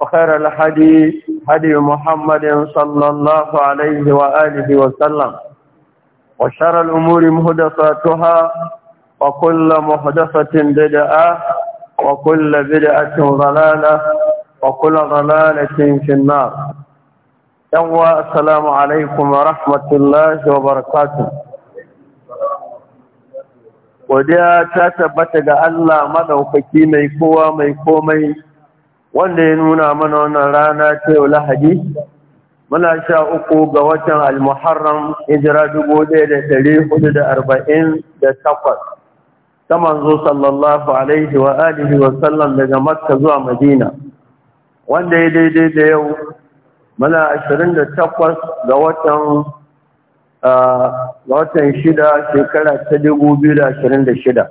وخير الحديث هدي محمد صلى الله عليه وآله وسلم وشر الأمور مهدفاتها وكل مهدفة بدعة وكل بدعة ضلالة وكل ضلالة في النار يوى السلام عليكم ورحمة الله وبركاته وديا تتبتغ ألا مدوككي ميكوى ميكوى ميكوى wanda ya nuna mana wannan rana ta yau lahadi muna sha uku ga watan almuharram hijira dubu ɗaya da ɗari hudu da arba'in da takwas ta manzo sallallahu alaihi wa alihi wa sallam daga makka zuwa madina wanda ya daidai da yau muna ashirin da takwas ga watan ah, ga watan shida shekara ta dubu biyu da ashirin da shida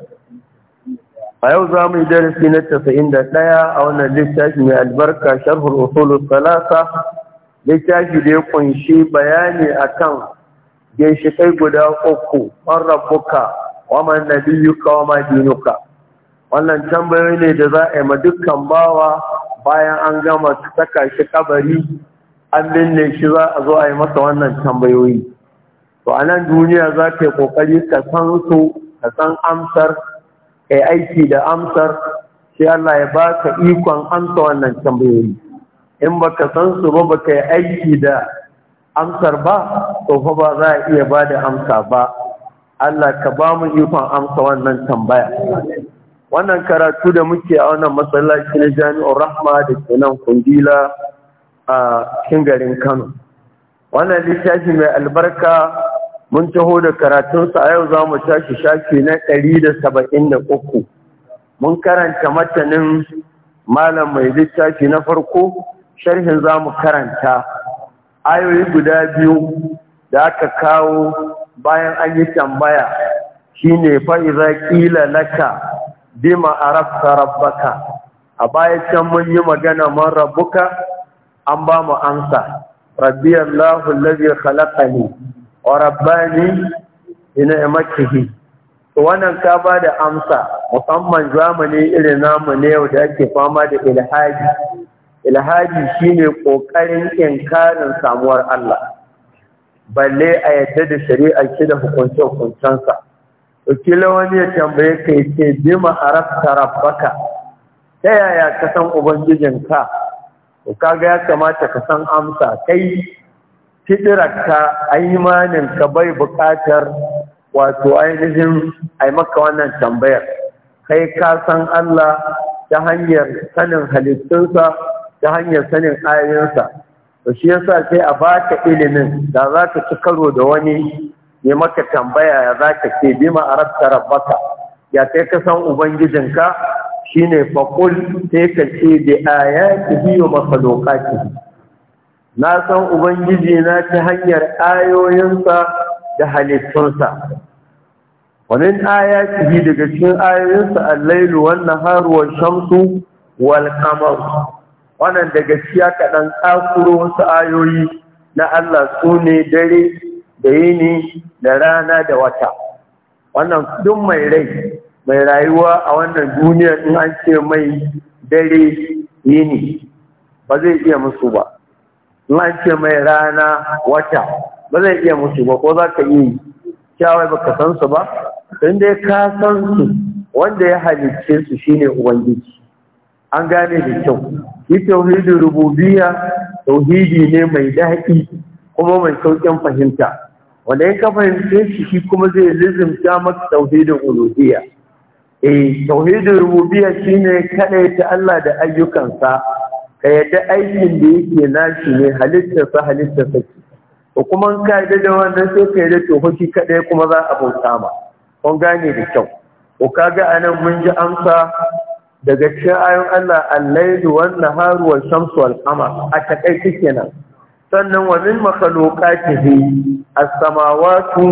a yau za mu yi darasi na casa'in da ɗaya a wannan littafi mai albarka sharhul usulu salasa littafi da ya kunshi bayani akan gaishe-kai guda uku man rabbuka wa man nabiyuka wa ma dinuka wannan tambayoyi ne da za a yi ma dukkan bawa bayan an gama saka shi kabari an binne shi za a zo a yi masa wannan tambayoyi to a nan duniya za ka yi kokari ka san su ka san amsar kai aiki da amsar sai Allah ya baka ikon amsa wannan tambayoyi in baka san su ba baka yi aiki da amsar ba to ba za a iya ba da amsa ba Allah ka ba mu ikon amsa wannan tambaya wannan karatu da muke a wannan masallaci na jami'ar rahma da ke nan kundila a cikin garin kano wannan littafi mai albarka mun taho da karatunsa a yau za mu tashi shafi na ɗari da saba'in da uku mun karanta matanin malam mai littafi na farko sharhin za mu karanta ayoyi guda biyu da aka kawo bayan an yi tambaya shine fa'iza ƙila laka bima arafta rabbaka a baya can mun yi magana man rabbuka an ba mu amsa rabbi allahu allazi khalaqani wa rabbani bi ni'matihi to wannan ka ba da amsa musamman zamani irin namu ne yau da ake fama da ilhaji ilhaji shine kokarin inkarin samuwar Allah balle a yadda da shari'ar shi da hukunce hukuncensa kila wani ya tambaye ka yace bima arafta rabbaka ta yaya ka san ubangijinka to kaga ya kamata ka san amsa kai fitirarka ka bai bukatar wato ainihin ai maka wannan tambayar kai ka san Allah ta hanyar sanin halittunsa ta hanyar sanin ayoyinsa to shi yasa sai a baka ilimin da za ka ci karo da wani ya maka tambaya ya za ka ce bima arabta rabbaka ya kai ka san ubangijinka shine faqul sai ka ce bi maka wa makhluqatihi na san ubangiji na ta hanyar ayoyinsa da halittunsa 'a'ya آياته دقشين daga cikin ayoyinsa a والقمر wannan daga ciya kaɗan ƙasuro wasu ayoyi na Allah su ne dare da yini da rana da wata wannan duk mai rai mai rayuwa a wannan duniyar in an ce mai dare yini ba zai iya musu ba lance an mai rana wata ba zai iya musu ba ko za ka yi kyawai ba ka san su ba in dai ka san su wanda ya halicce su shine ubangiji an gane da kyau shi tauhidin Rububiya tauhidi ne mai daɗi kuma mai sauƙin fahimta wanda ya ka fahimce shi shi kuma zai lizimta maka tauhidin Rububiya? eh tauhidin Rububiya shine kaɗai ta Allah da ayyukansa ka yadda aikin da yake nashi ne halittarsa halittarsa ce ko kuma ka yadda da wannan sai ka yadda to fashi kaɗai kuma za a bauta ma kun gane da kyau ko kaga anan mun ji amsa daga cikin ayon Allah al laylu wan naharu wal shamsu wal qamar a takaice kenan sannan wa min makhluqatihi as-samawati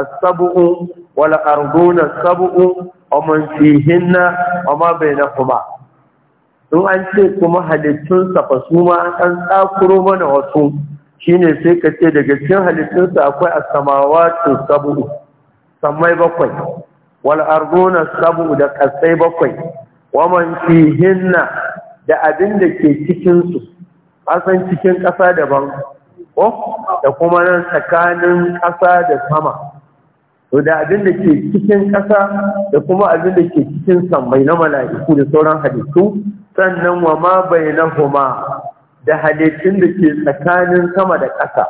as-sab'u wal arduna as-sab'u wa man fihinna wa ma bainahuma in an ce kuma halittunsa safa su ma an tsakuro mana wasu shine sai ka ce daga cikin su akwai samawa samawati sab'u samai bakwai wal arduna sab'u da kasai bakwai wa man fihinna da abin da ke cikin su asan cikin ƙasa daban ko da kuma nan tsakanin ƙasa da sama to da abin da ke cikin ƙasa da kuma abin da ke cikin samai na mala'iku da sauran halittu sannan wa ma bainahuma da halittun da ke tsakanin sama da ƙasa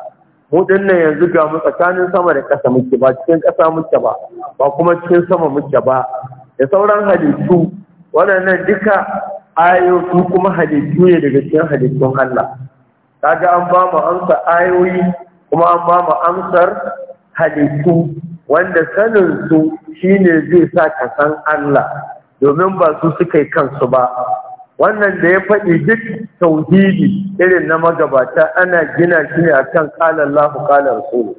mu dinnan yanzu ga mu tsakanin sama da ƙasa muke ba cikin ƙasa muke ba ba kuma cikin sama muke ba da sauran halittu waɗannan duka ayoyi kuma halittu ne daga cikin halittun Allah kaga an ba mu amsa ayoyi kuma an ba mu amsar halittu wanda sanin su shine zai sa ka san Allah domin ba su suka yi kansu ba wannan da ya faɗi duk tauhidi irin na magabata ana gina shi ne akan qala kalar qala rasulu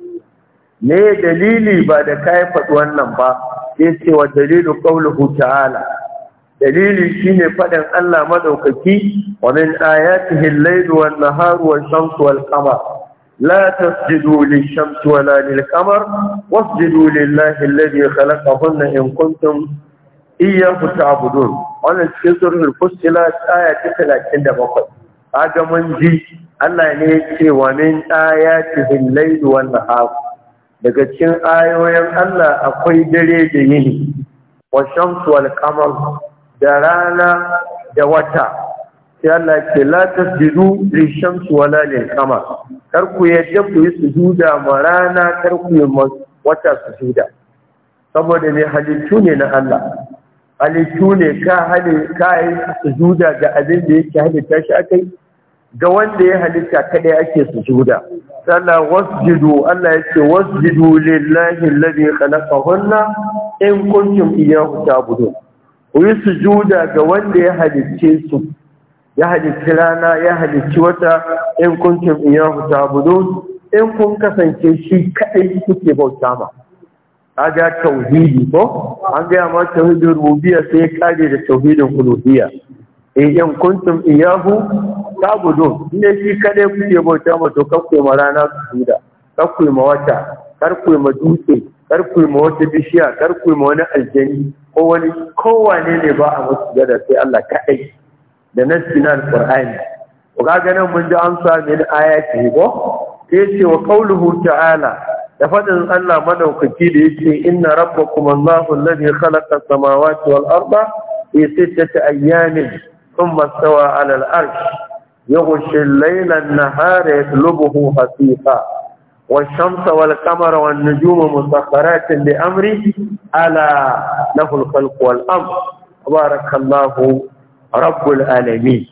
ne dalili ba da yi faɗi wannan ba sai wa dalilu qawluhu ta'ala dalili shine faɗin Allah maɗaukaki wa min ayatihi al-laylu wan-naharu wash-shamsu wal-qamar لا تسجدوا للشمس ولا للقمر واسجدوا لله الذي خلقهن إن كنتم iyaku ta'budun wannan cikin suratul fussilat aya ta 37 kaga mun ji Allah ne ya ce wa min ayatihi al-layl wannan nahar daga cikin ayoyin Allah akwai dare da yini wa shamsu wal qamar da rana da wata sai Allah ke la tasjudu li shamsu wala lil qamar kar ku yadda ku yi sujuda ma rana kar ku yi wata sujuda saboda ne halittu ne na Allah halittu ne ka hane kayan sujuda ga abin da yake halitta shi akai ga wanda ya halitta kadai ake sujuda sallah wasjidu Allah yake wasjidu lillahi alladhi khalaqahunna in kuntum iyyahu ta'budun ku yi sujuda ga wanda ya halicce su ya halicci rana ya halicci wata in kuntum iyyahu ta'budun in kun kasance shi kadai kuke bauta ma kaga tauhidi ko an gaya ma tauhidin rubiya sai kare da tauhidin uluhiyya eh, in yan kuntum iyahu tabudu ne shi kadai kuke bauta ma to kakku ma rana sujuda kakku ma wata karku ma dutse karku ma wata bishiya karku ma wani aljani ko wani kowane ne ba a musu gada sai Allah kadai da nassin alqur'ani ko ga nan mun ji amsa min ayati ko sai ce wa qauluhu ta'ala da faɗin Allah madaukaki da yake inna rabbakum Allahu alladhi khalaqa as-samawati wal arda fi sittati ayyamin thumma istawa 'ala al-'arsh yughshi al-layla an-nahara yatlubuhu hasifa والشمس والقمر والنجوم مسخرات بأمره ألا له الخلق والأمر بارك الله رب العالمين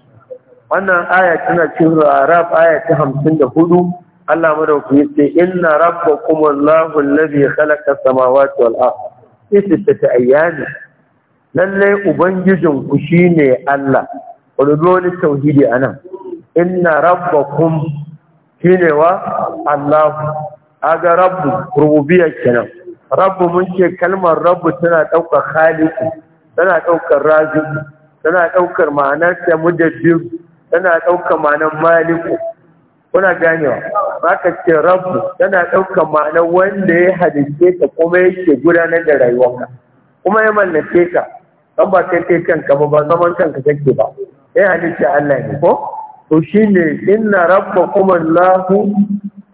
wannan aya tana cikin Arab hamsin da hudu. Allah madauki yace inna rabbakum Allahu alladhi khalaqa samawati wal ardh fi sittati ayyam lalle ubangijin ku shine Allah wani tauhidi anan inna rabbakum shine wa Allah aga rabbu rububiyya kenan rabbu mun ce kalmar rabbu tana daukar khaliqi tana daukar razi tana daukar ma'anar ta tana daukar ma'anar maliku kuna ganewa ba ka ce rabu tana ɗaukar ma'ana wanda ya halice ka kuma yake gudanar da rayuwarka kuma ya mallake ka don ba kai kai kanka ba ba zaman kanka kake ba ya halice Allah ne ko to shine inna rabba kuma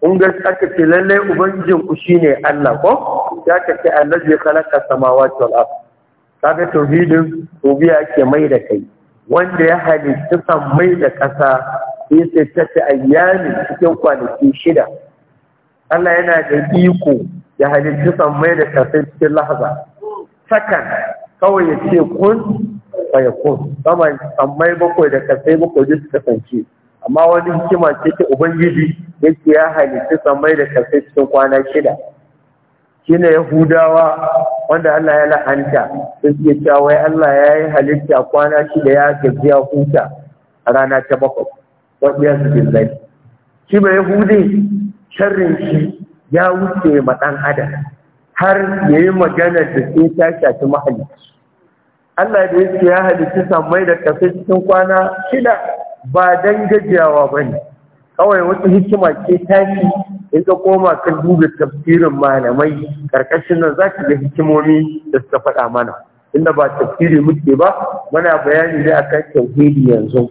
kun ga aka ce lallai ubangijin ku shine Allah ko ya ka ce allazi khalaqa samawati wal ard kaga tauhidin ubiya ke mai da kai wanda ya halitta san mai da ƙasa fi ta ayyami cikin kwanaki shida Allah yana da iko ya halitta sammai da cikin lahaza sakan kawai ya ce kun ya kun sama bakwai da kasai bakwai duk kasance amma wani hikima ce ta ubangiji yake ya halitta sammai da kafin cikin kwana shida shine yahudawa wanda Allah ya la'anta sun iya cewa wai Allah ya yi halitta kwana shida ya gajiya huta a rana ta bakwai ya su billahi shi mai yahudi sharrin shi ya wuce ma ɗan adam har ya yi magana da sun ta shafi mahalicci Allah da ya ya halitta sammai da kafin cikin kwana shida ba dan gajiyawa ba ne kawai wata hikima ke tashi in ka koma ka duba tafsirin malamai karkashin nan za ka ga hikimomi da suka faɗa mana inda ba tafsiri muke ba muna bayani ne a akan tauhidi yanzu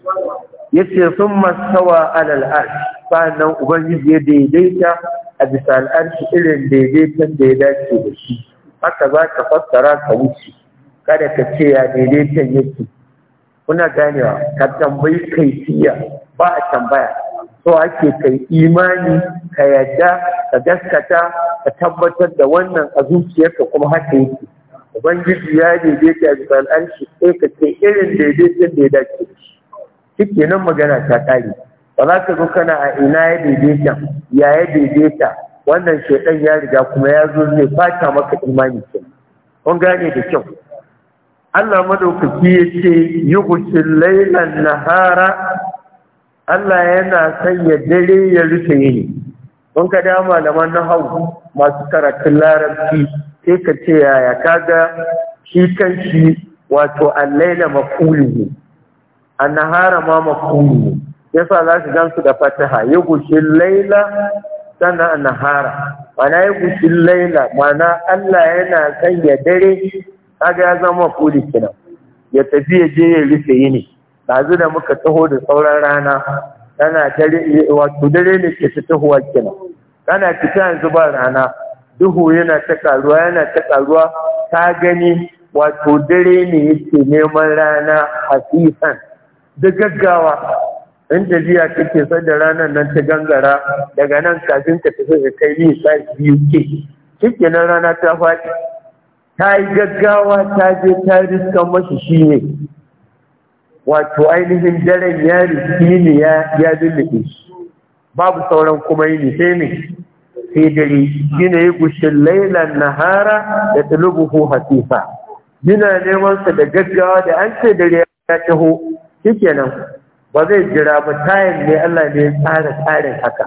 yace masu stawa ala al-arsh ubangiji ya daidaita a bisa al'arshi irin daidaiton da ya dace da shi haka za ka fassara ka wuce kada ka ce ya daidaitan yake kuna ganewa ka tambayi kaifiya ba a tambaya so ake kai imani ka yadda ka gaskata ka tabbatar da wannan a zuciyarka kuma haka yake ubangiji ya daidaita a bisa al'arshi sai ka ce irin daidaiton da ya dace da shi ke nan magana ta ƙari ba za ka zo kana a ina ya daidaita ya ya daidaita wannan shaidan ya riga kuma ya zo zai fata maka imani kenan kun gane da kyau Allah madaukaki ya ce 'Yi gushin lailan nahara Allah yana sanya dare ya rufe yini kun ka da malaman hau masu karatun larabci sai ka ce yaya kaga shi kan shi wato allaila mafulu ne annahara ma mafhum yasa za su gansu da fataha ya gushi laila sannan annahara mana ya gushi laila mana Allah yana ya dare kaga ya zama mafuli kenan ya tafi ya je ya rufe yini dazu da muka taho da sauran rana tana dare wato dare ne ke fitowa kenan kana fita yanzu ba rana duhu yana ta karuwa yana ta karuwa ka gani wato dare ne yake neman rana hasisan da gaggawa in jiya kake son da ranar nan ta gangara daga nan kafin ka tafi ka kai ni sai biyu ke kike nan rana ta faɗi ta yi gaggawa ta je ta riska mashi shi ne wato ainihin daren ya riski ne ya lullube shi babu sauran kuma yi sai ne sai dare gina yi gushin lailan nahara da tulubuhu hasifa Yana neman sa da gaggawa da an ce dare ya taho shikenan ba zai jira ba tayin ne Allah ne ya tsara tsarin haka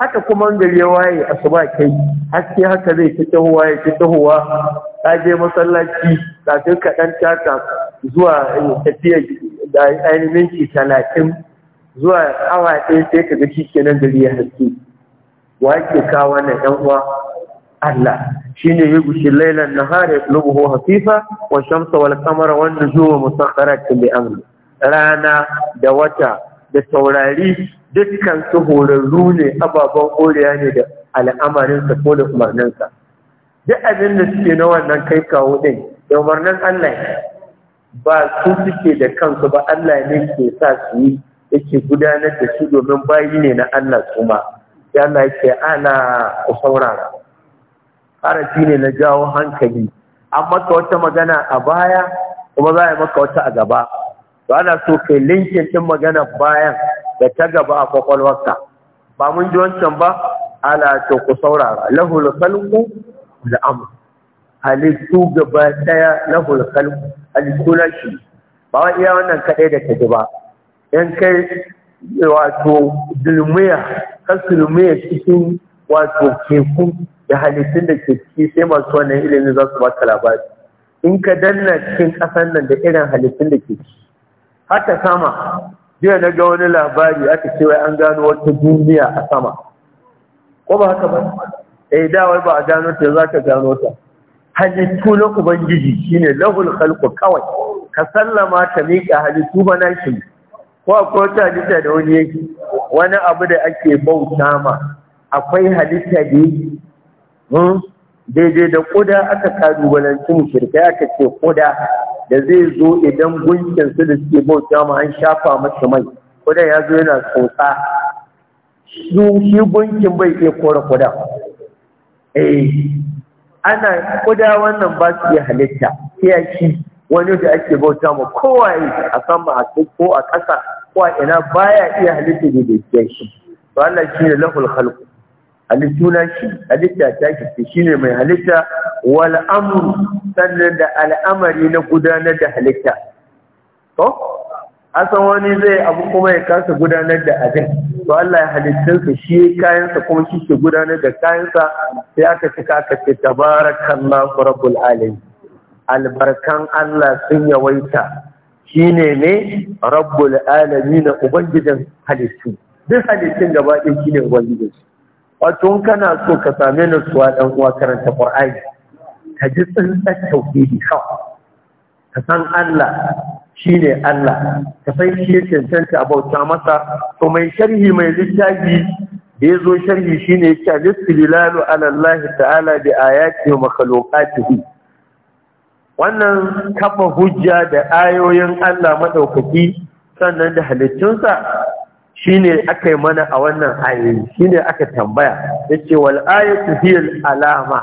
haka kuma gari ya waye asuba kai haske haka zai fito tahowa ya ta tahowa ka je masallaci kafin ka dan taka zuwa eh, tafiya da ainihin talatin zuwa awa ɗaya sai ka ga shikenan gari ya haske wa ke kawo wannan ɗan uwa Allah shi ne ya gushi lailan nahari lubuhu hafifa wa shamsa wal wanda wan nujuma musakhkharatin bi amri rana da wata da saurari dukkan su horarru ne ababen koriya ne da al'amarinsa ko da umarninsa duk abin da suke na wannan kai kawo ɗin da umarnin Allah ba su suke da kansu ba Allah ne ke sa su yi yake gudanar da su domin bayi ne na Allah kuma. ya Allah yake ana ku saurara harafi ne na jawo hankali an maka wata magana a baya kuma za a maka wata a gaba to ana so kai linkin din magana bayan da ta gaba a kwakwalwarka ba mun ji wancan ba ala to ku saurara lahul khalqu da amr halittu gaba daya lahul khalqu halittu na shi ba wa iya wannan kadai da ta ba in kai wato dulmiya kan sulmiya cikin wato keku da halittun da ke ciki sai masu wannan ilimin za su baka labari in ka danna cikin ƙasar nan da irin halittun da ke ciki Aka sama jiya na ga wani labari aka cewa an gano wata duniya a sama ko ba haka ba eh da wai ba a gano ta za ka gano ta halittu na ubangiji shine lahul khalqu kawai ka sallama ka miƙa halittu ba na shi ko akwai wata halitta da wani yake wani abu da ake bauta ma akwai halitta da yake hmm? daidai da ƙuda aka kalubalanci shirka aka ce kuda da zai zo idan gunkin su da suke bauta ma an shafa masa mai kudan ya zo yana tsotsa su shi gunkin bai iya kore kudan eh ana kuda wannan ba su iya halitta sai shi wani da ake bauta ma kowaye a sama a ko a ƙasa ko a ina baya iya halitta da shi to Allah shi ne lahul halittuna shi halitta ta shi shi ne mai halitta wal amru sannan da al'amari na gudanar da halitta to asan wani zai abu kuma ya kasa gudanar da abin to Allah ya halittarsa shi kayansa kuma shi ke gudanar da kayansa sai aka cika aka ce tabarakallahu rabbul alamin albarkan Allah sun yawaita shine ne rabbul alamin ubangijin halittu duk halittun gaba ɗaya shine ubangijinsu wato kana so ka same nutsuwa dan uwa karanta qur'ani ka ji tsantsar tauhidi kawai ka san Allah shine Allah ka san shi ya cancanta a bauta masa to mai sharhi mai littafi da ya zo sharhi shine yake alistilalu ala Allah ta'ala bi ayati wa makhluqatihi wannan kafa hujja da ayoyin Allah madaukaki sannan da halittunsa Shi ne aka yi mana a wannan ayoyi Shi ne aka tambaya yace wal ayatu su fiye alama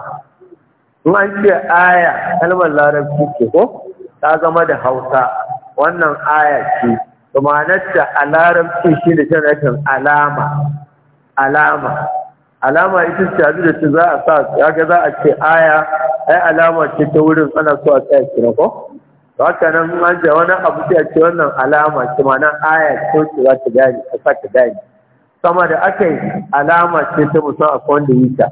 in an ce aya kalmar larabci ce ko ta zama da hausa wannan aya ce nata a larabci shi da shan alama alama alama ita ce abu da ce za a sa ya ga za a ce aya ai alama ce ta wurin ana so a tsaya kira ko haka nan an ce wani abu sai a ce wannan alama ce ma nan aya ce ce za ta gani a sa ta gani sama da aka yi alama ce ta a akwai wanda yi ta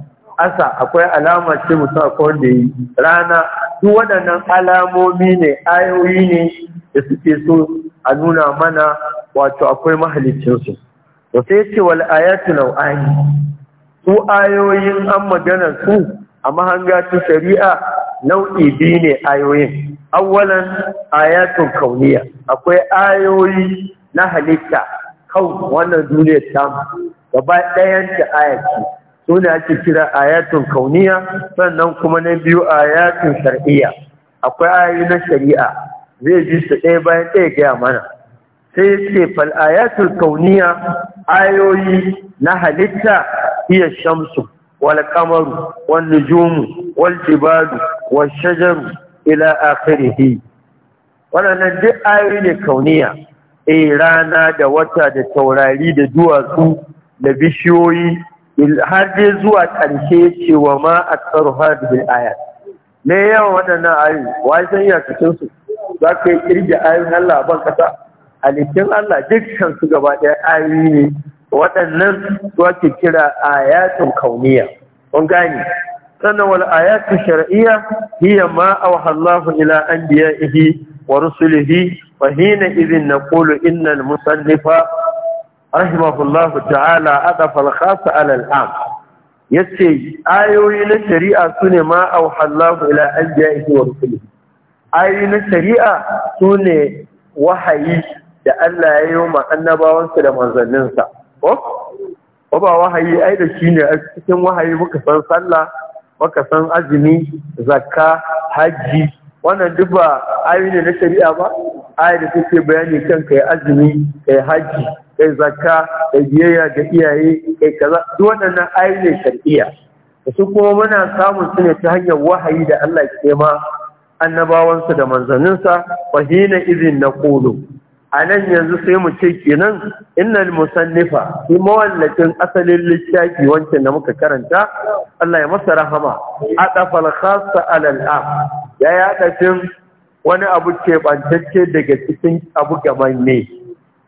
asa akwai alama ce a akwai wanda yi rana duk waɗannan alamomi ne ayoyi ne da suke so a nuna mana wato akwai mahalicinsu to sai ce wal ayatu nau'ani su ayoyin an magana su a mahanga ta shari'a nau'i biyu ne ayoyin Awalan ayatun kauniya akwai ayoyi na halitta kau wannan duniyar tamu gaba ɗayan ta ayati su ne ake kira ayatun kauniya sannan kuma na biyu ayatun shar'iyya akwai ayoyi na shari'a zai ji su ɗaya bayan ɗaya gaya mana sai ce fal ayatun kauniya ayoyi na halitta iya shamsu Walƙamaru, qamaru wan nujumu wal ila akhirih wannan duk ayoyi ne kauniya eh rana da wata da taurari da duwatsu da bishiyoyi har dai zuwa ƙarshe cewa ma a tsaro hadhihi ayat me yawan waɗannan ayoyi wai san iyakacin su za ka yi kirge ayoyin Allah ban kasa a likin Allah dukkan su gaba ɗaya ayoyi ne waɗannan su kira ayatun kauniya kun gane sannan wal ayatu shar'iyya hiya ma awha Allah ila anbiya'ihi wa rusulihi wa hina idhin naqulu inna al musannifa rahimahullahu ta'ala adafa al khas ala al am yace ayoyi na shari'a sune ma awha Allah ila anbiya'ihi wa rusulihi ayoyi na shari'a sune wahayi da Allah ya yi wa annabawansa da manzanninsa ba ba wahayi ai da shi ne a cikin wahayi muka san sallah muka san azumi zakka hajji wannan duk ba ayoyi ne na shari'a ba ayi da take bayani kan kai azumi kai hajji kai zakka kai biyayya ga iyaye kai kaza duk na ayoyi ne shari'a su kuma muna samun su ne ta hanyar wahayi da Allah ke ma annabawansa da manzanninsa wa izin na kolo a nan yanzu sai mu ce kenan innal musannifa shi mawallafin asalin littafi wancan da muka karanta Allah ya masa rahama adafal khassa alal am ya ya dafin wani abu ke daga cikin abu gaman ne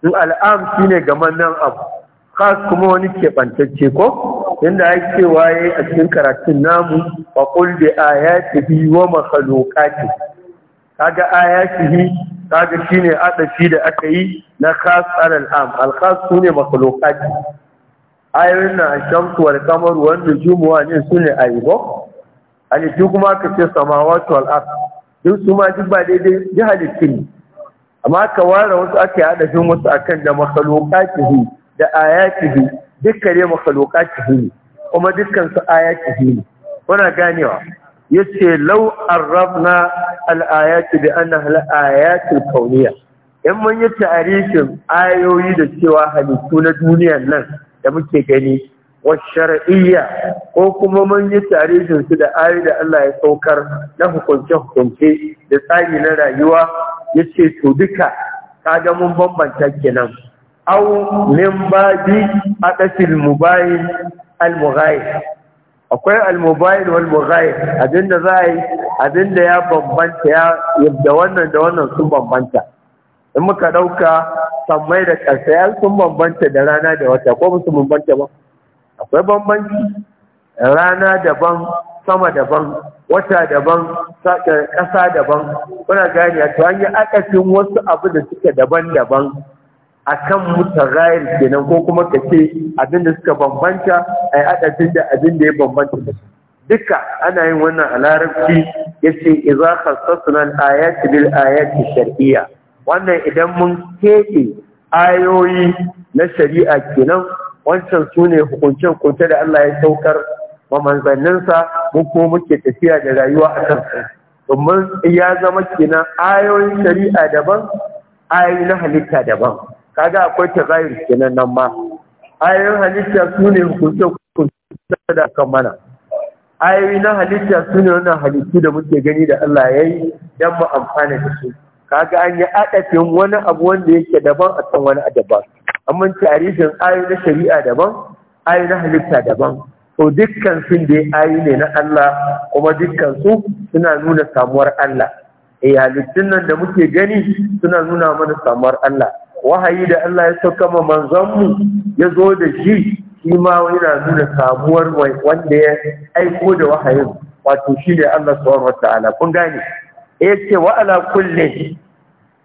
in al'am shine gaman nan abu khas kuma wani ke bantacce ko inda ake waye a cikin karatun namu wa qul bi ayati wa makhluqati kaga ayatihi kaga shine adafi da aka yi na khas al-am al-khas sune makhluqat ayoyin na shamsu wal qamar wan nujum wa ne sune ayibo ani duk kuma ka ce samawati wal ard duk su ma duk ba daidai ji halittun amma ka ware wasu aka yi adafin wasu akan da makhluqatihi da ayatihi dukkan ne makhluqatihi kuma dukkan su ayatihi ne kuna ganewa yace lau'ar arrabna na ayati bi annaha al-ayati Kauniya. kawniyya in mun yi tarihin ayoyi da cewa halittu na duniya nan da muke gani wa shar'iyya ko kuma mun yi tarihin su da ayoyi da Allah ya saukar na hukunce hukunce da tsari na rayuwa yace to duka kaga mun bambanta kenan aw min babi aqasil mubayyin al akwai al-mobile wal mughayir abinda za a yi abinda ya bambanta ya da wannan da wannan sun bambanta in muka ɗauka sammai da ƙasa ya sun bambanta da rana da wata ko musu bambanta ba akwai bambanci rana daban sama daban wata daban ƙasa daban kuna gani a to an yi akasin wasu abu da suke daban-daban akan rayar kenan ko kuma ka ce abinda suka bambanta a yi adadin da abinda ya bambanta da su duka ana yin wannan a larabci ya ce iza khasasunan ayati bil ayati shari'a wannan idan mun keɓe ayoyi na shari'a kenan wancan su ne hukunce da Allah ya saukar wa manzanninsa mun ko muke tafiya da rayuwa a kan domin ya zama kenan ayoyin shari'a daban ayoyi na halitta daban kaga akwai tagayir kenan nan ma ayoyin halitta su ne hukunce hukunce da kan mana ayoyi na halitta su ne wannan halittu da muke gani da Allah ya yi don mu amfana da su kaga an yi adafin wani abu wanda yake daban a kan wani daban amma tarihin ayoyi na shari'a daban ayoyi na halitta daban to dukkan sun da ayoyi ne na Allah kuma dukkan su suna nuna samuwar Allah eh halittun nan da muke gani suna nuna mana samuwar Allah wahayi da Allah ya sauka ma manzanmu ya zo da shi shi ma yana nuna samuwar wanda ya aiko da wahayin wato shi ne Allah subhanahu wataala kun gane eh, ya ce wa ala kullin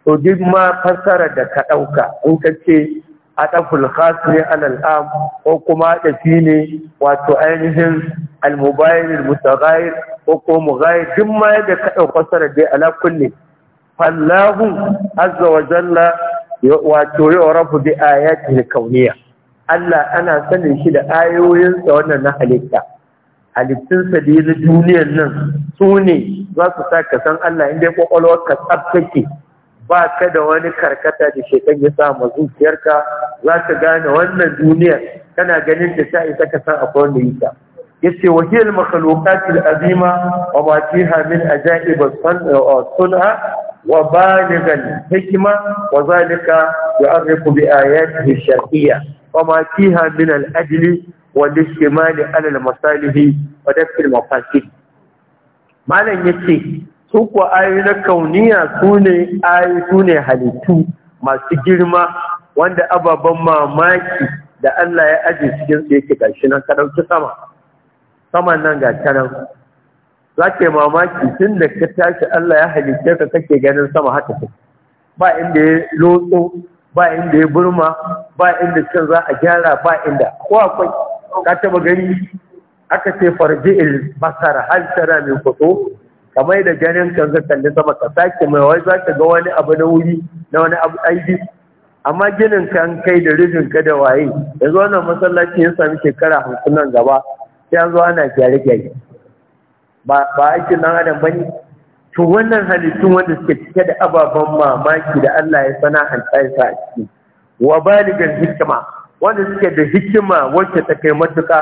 to duk ma fassara da ka ɗauka in ka ce a ɗaful ne alal am ko kuma ɗafi ne wato ainihin almubayir mutagayir ko ko mugayir duk ma yadda ka ɗauka fassara dai ala fallahu azza wa jalla wato yau rabu bi ayatin kauniya Allah ana sanin shi da ayoyinsa wannan na halitta halittunsa da na duniyar nan su ne za su sa ka san Allah inda kwakwalwar ka tsabtake ba ka da wani karkata da shekan ya sa zuciyarka za ka gane wannan duniyar kana ganin da ta isa ka san akwai wanda yi yace wa hiya al-makhluqat al-azima wa ma fiha min ajaib uh, as-sun'a wa balighal hikma wa zalika ya'rifu bi ayatihi ash-shar'iyya wa ma fiha min al-ajl wa al al-masalih wa dafi mafasid malan yace su ko ayyuna kauniya su ne ayi halittu masu girma wanda ababan mamaki da Allah ya ajiye cikin su yake gashi nan ka sama nan ga tanan za ka yi mamaki tun da ka tashi Allah ya halitta ka kake ganin sama haka ta ba inda ya lotso ba inda ya burma ba inda can za a gyara ba inda ko akwai ka taba gani aka ce il basara hal tara min fito kamar da ganin kan ka kalli sama ka sake mai wai za ka ga wani abu na wuri na wani abu aiki amma ginin kan kai da rijin ka da waye yanzu wannan masallaci ya sami shekara hamsin nan gaba sai an zo ana gyare gyare ba aikin ɗan adam ba ne to wannan halittun wanda suke cike da ababen mamaki da Allah ya sana'anta ya sa a ciki wa baligan hikima wanda suke da hikima wacce ta kai matuka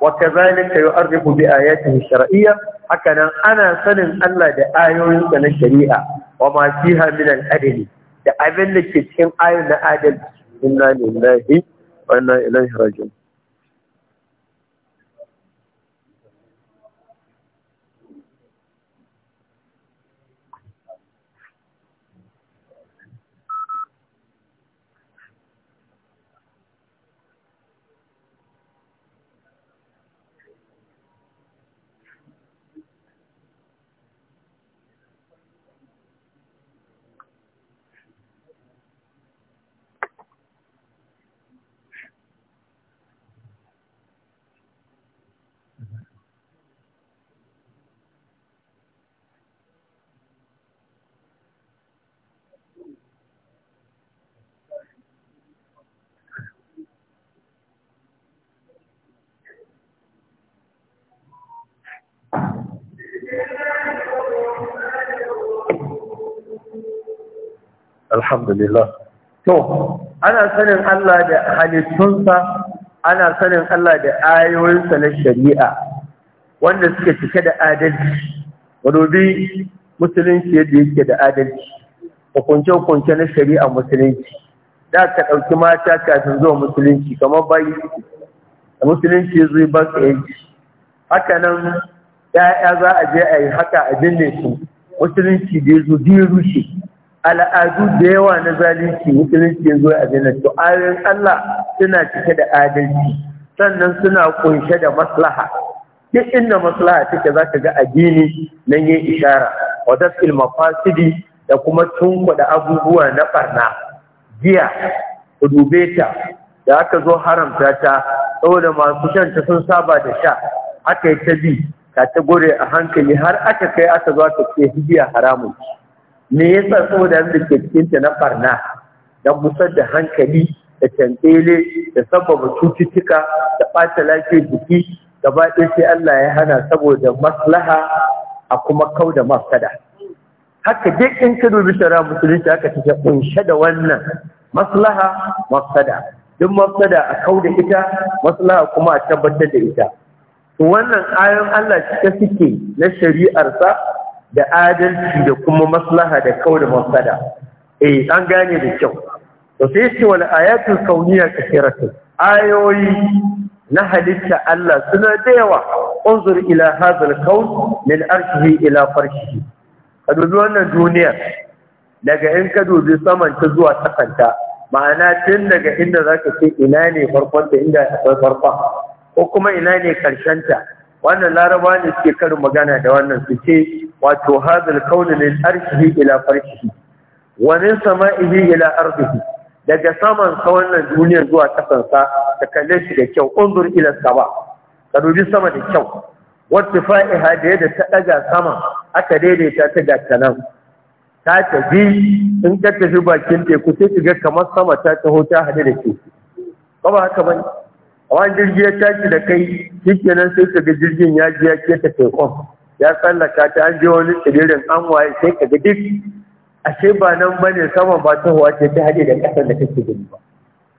wa kazalika arziku bi ayatihi shar'iyya haka nan ana sanin Allah da ayoyinsa na shari'a wa ma fiha min al da abin da ke cikin ayoyin na adalci inna lillahi wa inna ilaihi raji'un alhamdulillah to ana sanin Allah da halittunsa ana sanin Allah da ayoyinsa na shari'a wanda suke cike da adalci wadobi musulunci yadda yake da adalci hukunce-hukunce na shari'a musulunci da ka ɗauki mata kafin zuwa musulunci kamar bayi da musulunci ya zuwa ba yanki haka nan ya'ya za a je a yi haka a binne su musulunci da ya zo biyu rushe al'adu da yawa na zalunci musulunci ya zo a jannar to ayoyin Allah suna cike da adalci sannan suna kunshe da maslaha duk inda maslaha take za ka ga addini nan yin ishara wa dafil mafasidi da kuma da abubuwa na barna jiya ku dube ta da aka zo haramta ta saboda masu shan ta sun saba da sha aka yi ta bi ka ta gore a hankali har aka kai aka zo ta ce giya haramun me yasa saboda yanzu da ke cikin ta na barna da musar da hankali da tantele da sababa cututtuka da ɓata lafiyar jiki gaba ɗaya sai Allah ya hana saboda maslaha a kuma kau da mafsada haka dai in ka dubi shara musulunci haka take kunshe da wannan maslaha mafsada duk mafsada a kau da ita maslaha kuma a tabbatar da ita to wannan ayon Allah cika suke na shari'arsa da adalci da kuma maslaha da kawai da mafsada eh an gane da kyau to sai ce wal ayatul kauniyya kathiratu ayoyi na halitta Allah suna da yawa unzur ila hadhal kaun min arshihi ila farshihi ka wannan duniya daga in ka dubi saman ta zuwa takanta ma'ana tun daga inda zaka ce ina ne farkon da inda akwai farkon ko kuma ina ne karshen ta wannan laraba ne suke karin magana da wannan su ce wato hazal kaunu lil arshihi ila farshihi wa min sama'ihi ila ardihi daga saman sa wannan duniyar zuwa kasan sa ka kalle shi da kyau unzur ila sama ka dubi sama da kyau fa'iha da yadda ta daga sama aka daidaita ta ga nan ta tafi in ka tafi bakin teku sai ka ga kamar sama ta taho ta hade da teku ba haka bane a wani jirgi ya tashi da kai nan sai ka ga jirgin ya ji ya keta tekun ya tsallaka ta an je wani tsibirin an waye sai ka ga duk ashe ba nan ba ne saman ba ta huwa ce ta haɗe da ƙasar da kake gani ba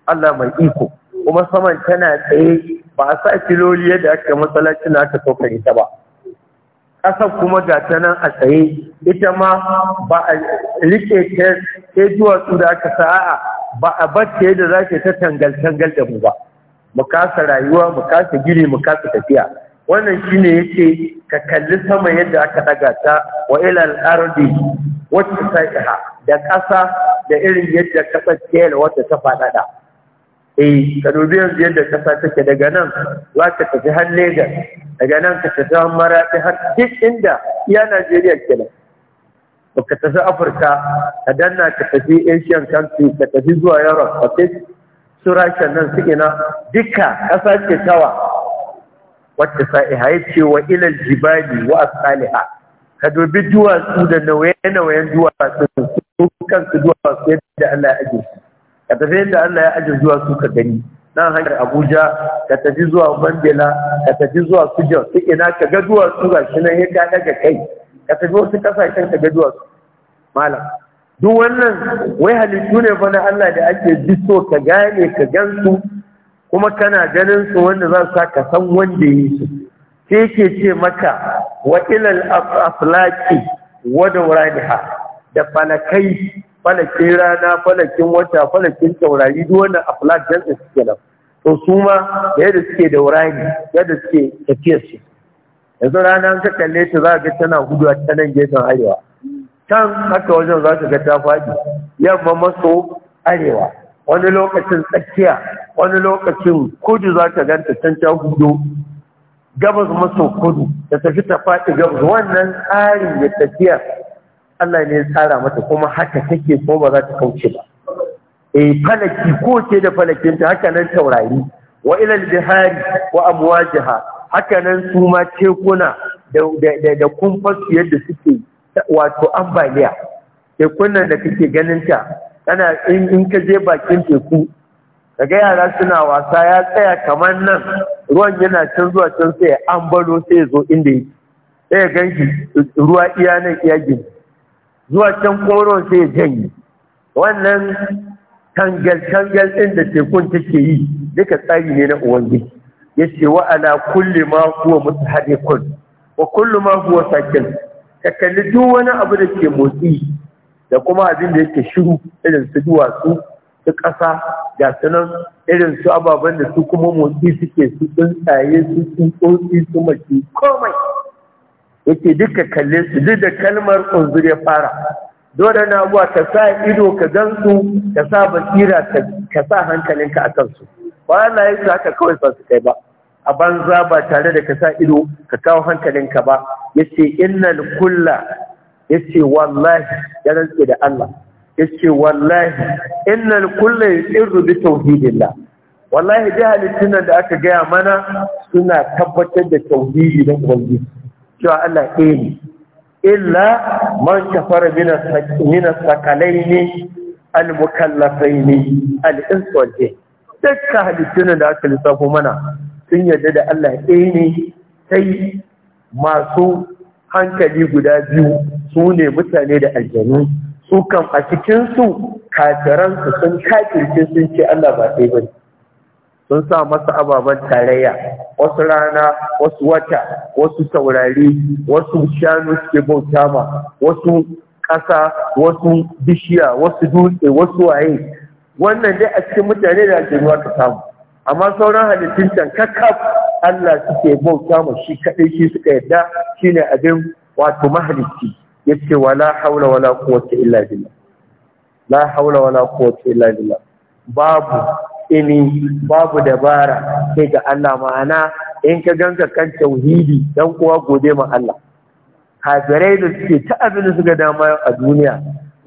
Allah mai iko kuma saman tana tsaye ba a sa filoli yadda aka masallaci na aka saukar ita ba ƙasar kuma ga ta nan a tsaye ita ma ba a riƙe ta duwatsu da aka sa'a ba a bar ta da za ta tangal-tangal da mu ba mu kasa rayuwa mu kasa gini mu kasa tafiya wannan shine yake ka kalli sama yadda aka daga ta wa al ardi wacce tsaiha da ƙasa da irin yadda ƙasa ke wata ta faɗaɗa eh ka dubi yanzu yadda ƙasa take daga nan za ka tafi har Legas daga nan ka tafi har Maraɗi har duk inda iya Najeriya kenan ka tafi Afirka ka danna ka tafi Asian country ka tafi zuwa Europe ka tafi turashen nan su ina duka ƙasa ce tawa wacce sa'iha ya ce wa ilal jibali wa asaliha ka dubi duwatsu da nauye-nauyen duwatsu su kansu duwatsu yadda Allah ya ajiye su ka tafi yadda Allah ya ajiye duwatsu ka gani nan hanyar Abuja ka tafi zuwa Mandela ka tafi zuwa Sujan su ina ka ga duwatsu ga shi nan ya ka daga kai ka tafi wasu kasashen ka ga duwatsu malam duk wannan wai halittu ne fa na Allah da ake biso ka gane ka gansu kuma kana ganin su wanda za su ka san wanda yi su sai yake ce maka wa ilal aflaki wa dawraniha da falakai falakin rana falakin wata falakin taurari duk wannan aflak dan suke nan to su ma yadda suke daurani yadda suke tafiyar su yanzu rana ka kalle ta za ga tana guduwa ta nan gefen arewa can haka wajen za su ga ta faɗi yamma maso arewa wani lokacin tsakiya wani lokacin kudu za ta ganta can ta hudu gabas maso kudu da tafi ta faɗi gabas wannan tsarin da tafiya Allah ne tsara mata kuma haka take ko ba za ta kauce ba eh falaki ko ce da falakinta haka nan taurari wa ilal bihari wa amwajiha haka nan su ma tekuna da da kumfas yadda suke wato ambaliya tekun nan da kake ganin ta kana in ka je bakin teku daga yara suna wasa ya tsaya kamar nan ruwan yana can zuwa can sai ya ambalo sai ya zo inda yake sai ya ganki ruwa iya nan iya gini zuwa can koron sai ya janye wannan tangal-tangal ɗin da tekun take yi duka tsari ne na ubangiji ya ce wa ala kulli ma huwa mutahaddikun wa kullu ma huwa sakin ka kalli duk wani abu da ke motsi da kuma abin da yake shiru irin su duwatsu su ƙasa ga sunan irin su ababen da su kuma motsi suke su tsuntsaye su su mace komai yake duka kalle su duk da kalmar kunzur ya fara dole na abuwa ka sa ido ka gan su ka sa basira ka sa hankalinka a kansu ba na yi su haka kawai ba su kai ba a banza ba tare da ka sa ido ka kawo hankalinka ba Ya ce innan kulla ce, wallahi ya rantse da Allah Ya ce, wallahi innan kulla tsirru bi tauhidillah wallahi nan da aka gaya mana suna tabbatar da tauhidi don ubangiji cewa Allah ɗaya ne illa man kafara mina sakalai ne, al-mukallafaini al-insu ce dukkan halittun da aka lissafo mana sun yarda da Allah ɗaya ne sai masu hankali guda biyu su ne mutane da aljanu su kan a cikinsu kafiransu sun kafirce sun ce Allah ba ɗaya ba sun sa masa ababen tarayya wasu rana wasu wata wasu saurari wasu shanu suke bauta ma wasu ƙasa wasu bishiya wasu dutse wasu waye wannan dai a cikin mutane da aljanu aka samu amma sauran halittun can Allah suke bauta ma shi kaɗai shi suka yadda shi ne abin wato mahalicci ya ce wa la haula wa la kowace illa billah la haula wa la kowace illa billah babu ini babu dabara sai ga Allah ma'ana in ka ganka kan tauhidi dan kowa gode ma Allah hajarai da suke ta abin da suka dama a duniya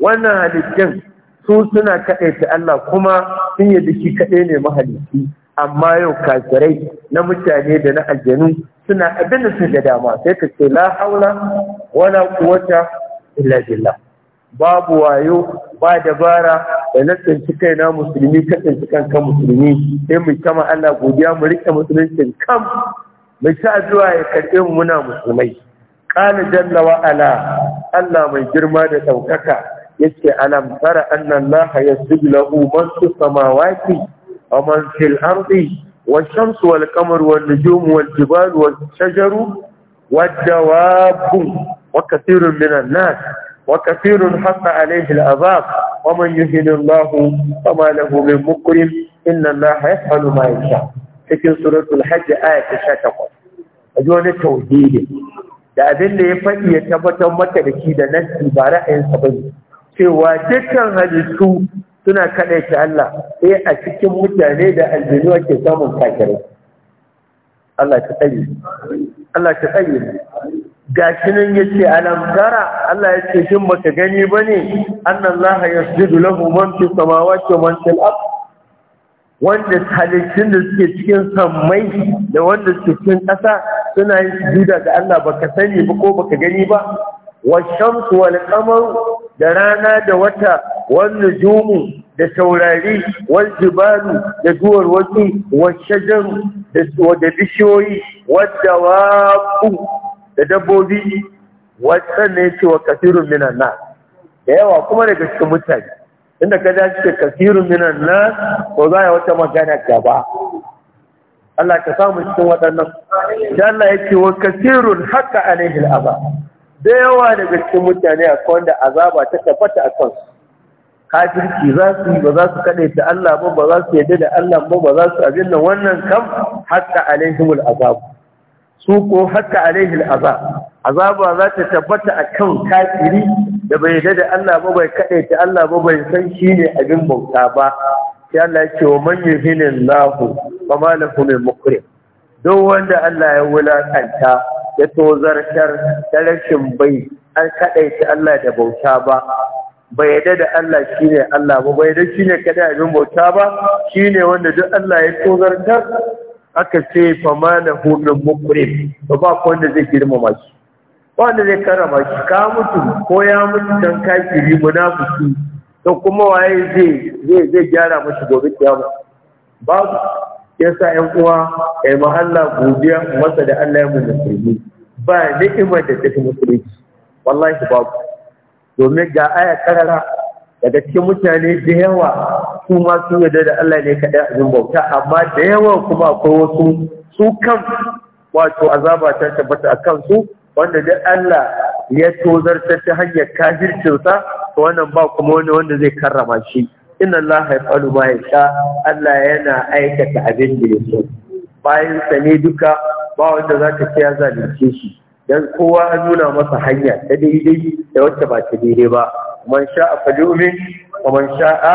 wannan halittun su suna kaɗai ta Allah kuma sun yadda shi kaɗai ne mahalicci amma yau kafirai na mutane da na aljanu suna abin da su dama sai ka ce la haula wala quwwata illa billah babu wayo ba dabara da na tsinci kaina musulmi ka tsinci kanka musulmi sai mu kama Allah godiya mu rike musuluncin kam mu sa zuwa ya karbe mu muna musulmai qala jalla wa ala Allah mai girma da daukaka yace alam tara anna Allah yasjudu lahu man fis samawati ومن في الأرض والشمس والقمر والنجوم والجبال والشجر والدواب وكثير من الناس وكثير حق عليه العذاب ومن يهن الله فما له من مكرم إن الله يفعل ما يشاء cikin suratul hajji aya sha takwas a tauhidi da abin da ya faɗi ya tabbatar mata da shi da nasi ba ra'ayinsa ba ne cewa dukkan halittu suna kaɗaita Allah sai eh, a cikin mutane da aljinu ake samun kakirai Allah ta tsaye Allah ta tsaye shi nan ya ce tara Allah ce shin baka gani ba ne? bane annallaha yasjudu lahu man fi samawa, wa man fil wanda halittun da suke cikin sammai da wanda suke cikin ƙasa suna yin sujuda ga Allah baka sani ba ko baka gani ba والشمس والقمر درانا da والنجوم دسوراري والجبال دجور وكي والشجر ودبشوي والدواب ددبوبي والسنة وكثير من الناس yawa kuma daga cikin mutane inda ka dace da kasirun minan nan ko za ya wata magana gaba Allah ka samu cikin waɗannan. Da ya ce wa kasirun haka alaihi al'aba. da yawa daga cikin mutane akwai da azaba ta tabbata a kansu kafirki za su yi ba za su kaɗe ta Allah ba ba za su yadda da Allah ba ba za su abin nan wannan kam hatta alaihimul azabu su ko haka alaihil azab azaba za ta tabbata a kan kafiri da bai yadda da Allah ba bai kaɗe ta Allah ba bai san shi ne abin bauta ba sai Allah ya ce wa man yuhilillahu fa ma lahu min mukrim duk wanda Allah ya wulakanta ya tozartar ta rashin bai an ta Allah da bauta ba bai yadda da Allah shi ne Allah ba bai yadda shi ne kaɗai abin bauta ba shi ne wanda duk Allah ya tozartar aka ce fama na hunin mukurim ba ba wanda zai girmama shi wanda zai karama shi ka mutu ko ya mutu don kafiri munafiki to kuma waye zai gyara mashi gobe kiyama babu yasa yan uwa kai ma Allah godiya masa da Allah ya mu musulmi ba ni'imar da take musulunci wallahi babu domin ga aya karara daga cikin mutane da yawa su ma su da Allah ne kaɗai abin bauta amma da yawa kuma akwai wasu su kan wato azaba ta tabbata a kansu wanda duk Allah ya tozarta ta hanyar kafircinsa to wannan ba kuma wani wanda zai karrama shi inna Allah yaqulu ma yasha Allah yana aikata abin da yake bayan sa ne duka ba wanda za ta ce ya zalunce shi dan kowa ya nuna masa hanya ta daidai da wacce ba ta daidai ba man sha'a falumin wa man sha'a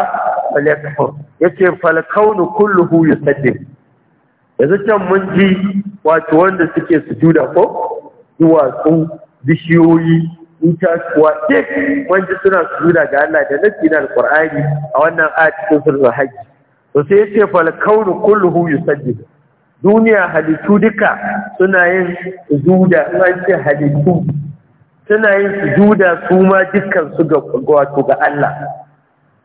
falyakfur yace fal kaunu kulluhu yusaddiq yanzu can mun ji wato wanda suke su juda ko duwatsu bishiyoyi kuwa duk wanda suna sujuda ga Allah da nasi na alqur'ani a wannan ayat cikin suratul haji to sai yace fal kaunu kulluhu yusajjid duniya halittu duka suna yin sujuda an ce halittu suna yin sujuda su ma dukkan su ga wato ga Allah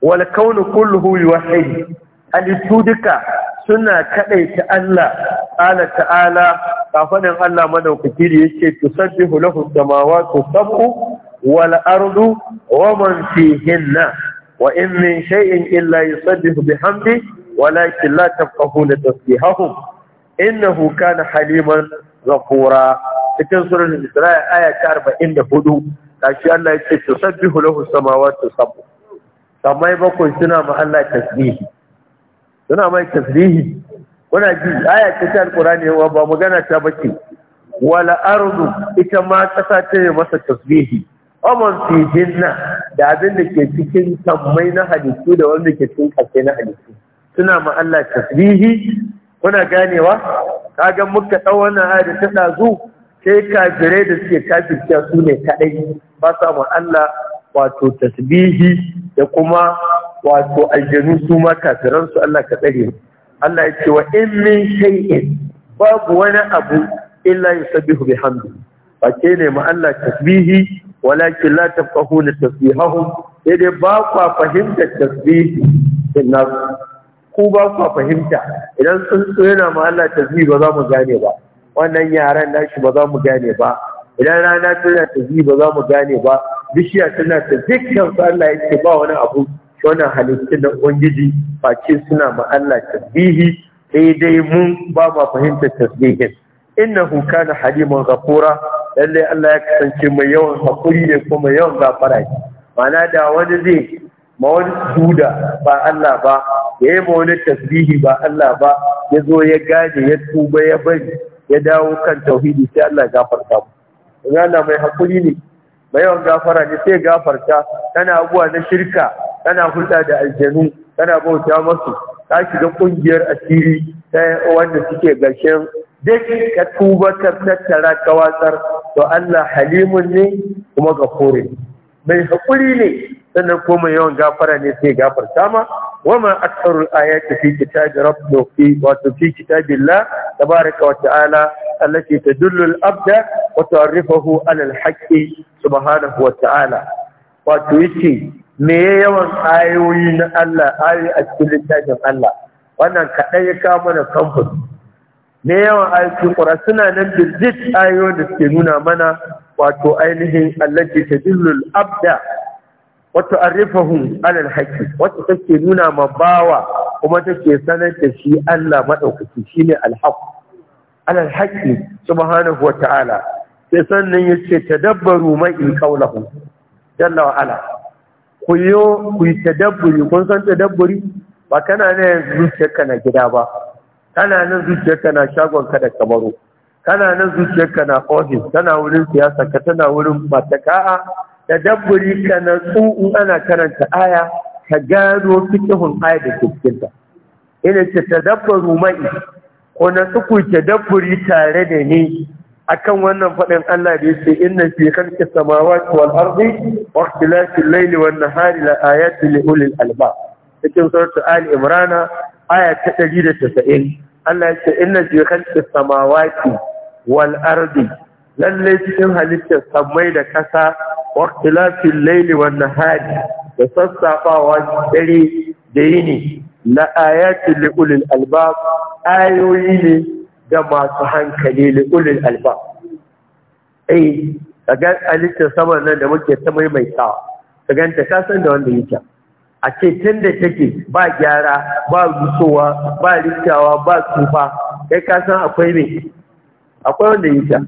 wal kaunu kulluhu yuwahid halittu duka suna kadaita Allah qala ta'ala kafanin Allah madaukaki da yake tusabbihu lahu samawati sab'u wal ardu wa man fihinna wa in min shay'in illa yusabbihu bihamdi walakin la tafqahuna tasbihahum innahu kana haliman ghafura cikin surar Isra'i aya ta 44 kashi Allah yake tusabbihu lahu samawati sab'u samai bakwai suna ma Allah tasbihi suna mai tasbihi kuna ji aya ce ta alqur'ani wa ba magana ta bace wala ardu ita ma kasa yi masa tasbihi aman fi jinna da abin da ke cikin sammai na halittu da wanda ke cikin kasai na halittu suna ma Allah tasbihi kuna ganewa kaga muka dau wannan aya ta dazu sai kafirai da suke kafirciya su ne kadai ba sa ma Allah wato tasbihi da kuma wato aljanu su ma kafiransu Allah ka tsare Allah ya ce wa in min shay'in babu wani abu illa yusabbihu bihamdi ba ke ne ma Allah tasbihi walakin la tafqahuna tasbihahum sai dai ba kwa fahimta tasbihi din nasu ku ba kwa fahimta idan tsuntsu yana ma Allah tasbihi ba za mu gane ba wannan yaran nashi ba za mu gane ba idan rana tana tasbihi ba za mu gane ba bishiya tana ta dukkan Allah yake ba wani abu wannan halittu da ubangiji ce suna ma Allah tasbihi daidai mu ba ma fahimtar tasbihin innahu kana haliman ghafura lallai Allah ya kasance mai yawan hakuri ne ko mai yawan gafara ne mana da wani zai ma wani duda ba Allah ba ya yi ma wani tasbihi ba Allah ba ya zo ya gane ya tuba ya bari ya dawo kan tauhidi sai Allah ya gafarta mu Allah mai hakuri ne mai yawan gafara ne sai gafarta tana abuwa na shirka kana hulɗa da aljanu kana bauta masu ka shiga ƙungiyar asiri ta wanda suke gashin duk ka tuba tattara ka watsar to Allah halimun ne kuma gafuri mai haƙuri ne sannan ko mai yawan gafara ne sai gafarta ma wama aktharul ayati fi kitabi rabbih wa fi kitabillah tabaraka wa ta'ala allati tadullu al-abda wa ta'rifuhu ala al-haqqi subhanahu wa ta'ala wato yace me yawan ayoyi na Allah ayoyi a cikin littafin Allah wannan kaɗai ya kawo mana kamfus me yawan ayoyi kura suna nan da birjit ayoyi da suke nuna mana wato ainihin allati tadillul abda wato arrifahu alal wato take nuna ma bawa kuma take sanar da shi Allah madaukaki shine alhaq alal haqqi subhanahu wa ta'ala sai sannan yace dabbaru mai kaulahu jalla wa ala ku yi ku yi tadabburi kun san tadabburi ba kana nan zuciyarka na gida ba kana nan zuciyarka na shagon ka da kamaru kana nan zuciyarka na ofis kana wurin siyasa ka tana wurin mataka. mataka'a tadabburi ka na in ana karanta aya ka gano fikihun aya da ta ina ce tadabbaru mai ko na tsuku tadabburi tare da ni akan wannan faɗin Allah da yace inna fi khalqi samawati wal ardi wa ikhtilafi al-layli wan nahari la ayatin li ulil albab cikin suratul ali imran aya ta 190 Allah yace inna fi khalqi samawati wal ardi lalle cikin halittar samai da kasa wa ikhtilafi al-layli wan nahari da sassafawa dare da yini la ayatin li ulil albab ayoyi ne ga masu hankali li'ulul alba eh kaga halittar saman nan da muke ta maimaitawa kaganta ka san da wanda yake a ce tun da take ba gyara ba rusowa ba rikawa ba tsufa kai ka san akwai me akwai wanda yake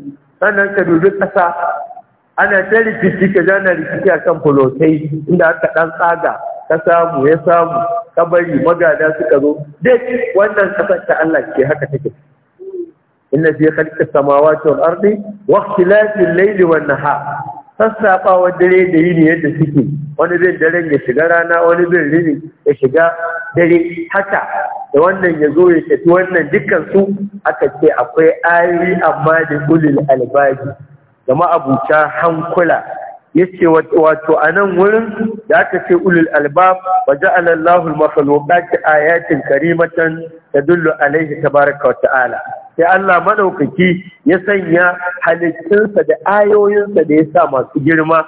sannan ka dubi ƙasa ana ta rikici ka zana rikici a kan fulotai inda aka ɗan tsaga ka samu ya samu ka bari, magada suka zo duk wannan ƙasar ta Allah ce haka take inna fi khalqis samawati wal ardi wa ikhtilafi al-layli wan sassaɓawa dare da yini yadda suke wani bin daren ya shiga rana wani bin rini ya shiga dare haka da wannan ya zo ya tafi wannan dukkan su aka ce akwai ayoyi amma da ulil albabi da ma'abuta hankula ya ce wato a nan wurin da aka ce ulil albab wa alallahu Allahu al-makhluqati ayatin karimatan tadullu alaihi tabaraka wa ta'ala sai Allah madaukaki ya sanya halittunsa da ayoyinsa da ya sa masu girma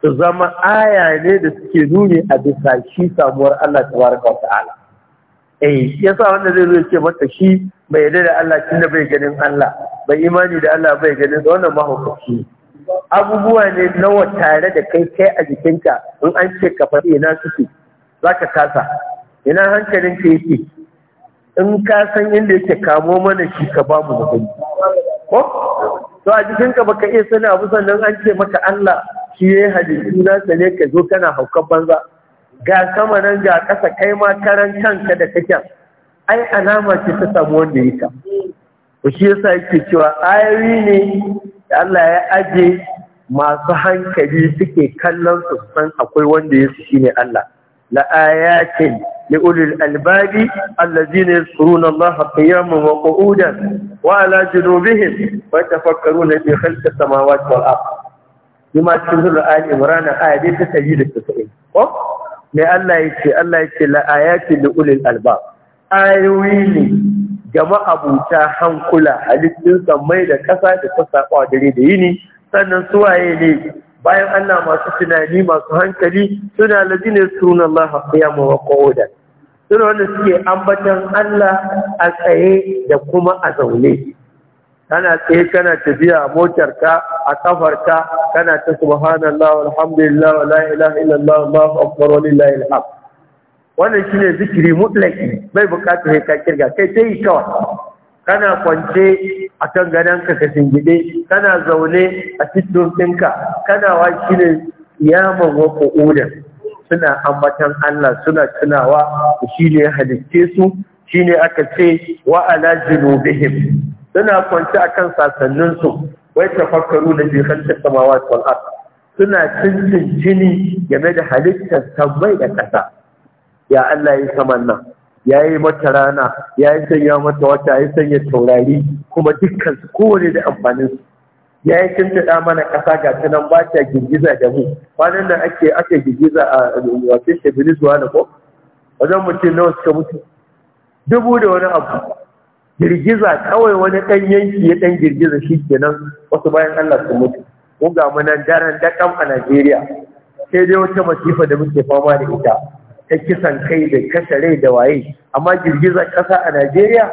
su zama aya ne da suke nuni a bisa shi samuwar Allah Ta wa ta'ala eh yasa wanda zai zo ya ce mata shi bai yarda da Allah tunda bai ganin Allah bai imani da Allah bai ganin sa wannan mahaukaci abubuwa ne nawa tare da kai kai a jikinka in an ce ka ina suke za ka kasa ina hankalin ka yake in ka san inda yake kamo mana shi ka ba mu gani ko to a jikin ka baka iya sani abu sannan an ce maka Allah shi yayi hadisi na sa ne ka zo kana haukan banza ga sama nan ga ƙasa kai ma karan kanka da kake ai alama ce ta samu wanda yake to shi yasa yake cewa ayoyi ne Da Allah ya aje masu hankali suke kallon su san akwai wanda yake shine Allah لآيات لأولي الألباب الذين يذكرون الله قياما وقعودا وعلى جنوبهم ويتفكرون في خلق السماوات والأرض لما آل إمران آية تسجيل التسعين mai Allah ya ce Allah ya ce la'ayatin da ayoyi ne ga ma'abuta hankula halittun mai da ƙasa da ta dare da yini sannan waye ne bayan Allah masu tunani masu hankali suna lazina suna Allah qiyama wa qu'uda suna wanda suke ambatan Allah a tsaye da kuma a zaune kana tsaye kana tafiya a motarka a kafarka kana ta subhanallah alhamdulillah wa la illallah allahu akbar wa lillahi alhamd wannan shine zikiri mutlaki bai bukatar ya ka kirga kai yi kawai kana kwance a kan gadonka ka gide kana zaune a cikin kana wa shi ne yaman wa ƙo'udan suna ambatan Allah suna tunawa shi ne halitte su shi ne aka ce wa ala jinubihim suna kwance akan sasannin su wai tafakkaru da bi kan samawati wal ard suna cincin jini game da halittar tabbai da ƙasa ya Allah ya saman nan ya yi mata rana ya yi sanya mata wata ya yi sanya taurari kuma dukkan su kowane da amfanin su ya yi shimfiɗa mana ƙasa ga ta nan ba ta girgiza da mu kwanan nan ake ake girgiza a wasu shebili zuwa na ko wajen mutum nawa suka mutu dubu da wani abu girgiza kawai wani ɗan yanki ya ɗan girgiza shi kenan wasu bayan Allah su mutu mun ga mu nan daren dakam a Najeriya sai dai wata masifa da muke fama da ita ta kisan kai da kashe rai da waye amma girgizar ƙasa a Najeriya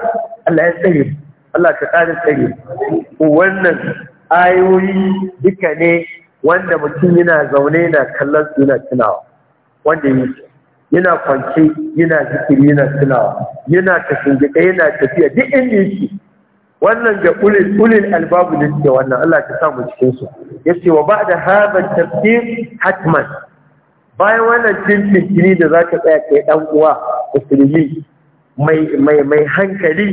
Allah ya tsare Allah ka ƙara tsare wannan ayoyi duka ne wanda mutum yana zaune na kallon su yana tunawa wanda yi yana kwanci, yana zikiri yana tunawa yana kashingiɗa yana tafiya duk inda yake wannan ga ulil albabu da suke wannan Allah ka samu cikin su yace wa ba'da hadha tafsir hatman bayan wannan cincin da za ka tsaya kai ɗan uwa musulmi mai mai hankali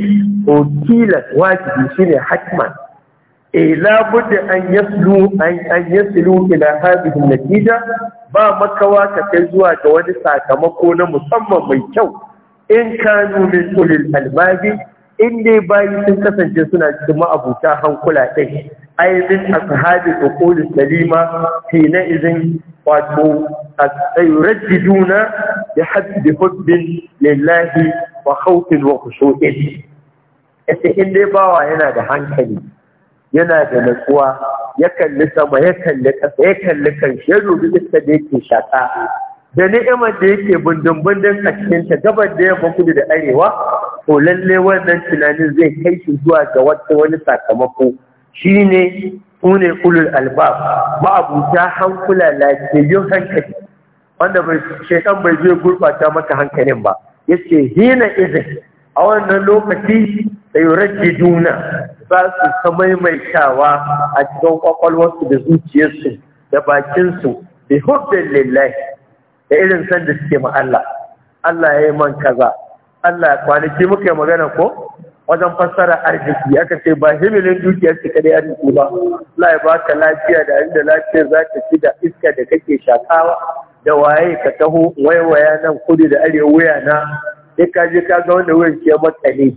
ko tilas wajibi shine hakman e eh, labudda an yaslu an an yaslu ila hadhihi natija ba makawa ka kai zuwa ga wani sakamako na musamman mai kyau in kanu min ulil albabi in dai bayi sun kasance suna cikin ma'abuta hankula ɗaya. ai bin ashabi uqul salima hina idhin wato duna bi hadd hubbin lillahi wa khawfin wa khushu'in ese in bawa yana da hankali yana da nutsuwa. ya kalli sama ya kalli ƙasa ya kalli kanshi ya dubi iska da yake shaƙa da ni'imar da yake bindin-bindin a ta gabar da ya kudu da arewa to lalle wannan tunanin zai kai shi zuwa ga wata wani sakamako Shi shine ƙune ƙulul albab ma'abuta hankula lafiyayyun hankali wanda bai bai zai gurbata maka hankalin ba Ya ce hina izin a wannan lokaci sai rage juna za su ta maimaitawa a cikin kwakwalwarsu da zuciyarsu da bakinsu da hubbin lillahi da irin san suke ma Allah Allah ya yi man kaza Allah kwanaki muka yi magana ko wajen fassara arziki aka ce ba himilin dukiya ce kada arziki ba Allah ya baka lafiya da inda lafiyar za ka ci da iska da kake shakawa da waye ka taho waiwaya nan kudu da arewa wuya na sai ka je ka ga wanda wuyan ke matsale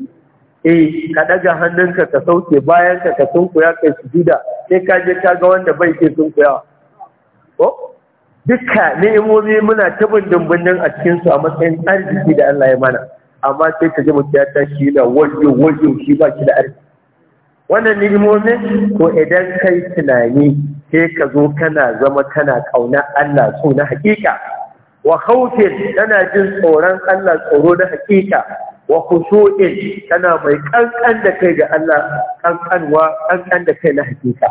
eh ka daga hannunka ka sauke bayan ka sun sunkuya kai sujuda sai ka je ka ga wanda bai ke sun ko dukka ni'imomi muna tabin bindin a cikin su a matsayin arziki da Allah ya mana amma sai ka ji mutum ya tashi na wajen-wajen, shi ba shi da arziki wannan ni'imomin ko idan kai tunani sai ka zo kana zama kana kauna Allah so na hakika wa khawfin kana jin tsoron Allah tsoro na hakika wa khushu'in kana mai kankan da kai ga Allah kankanwa kankan da kai na hakika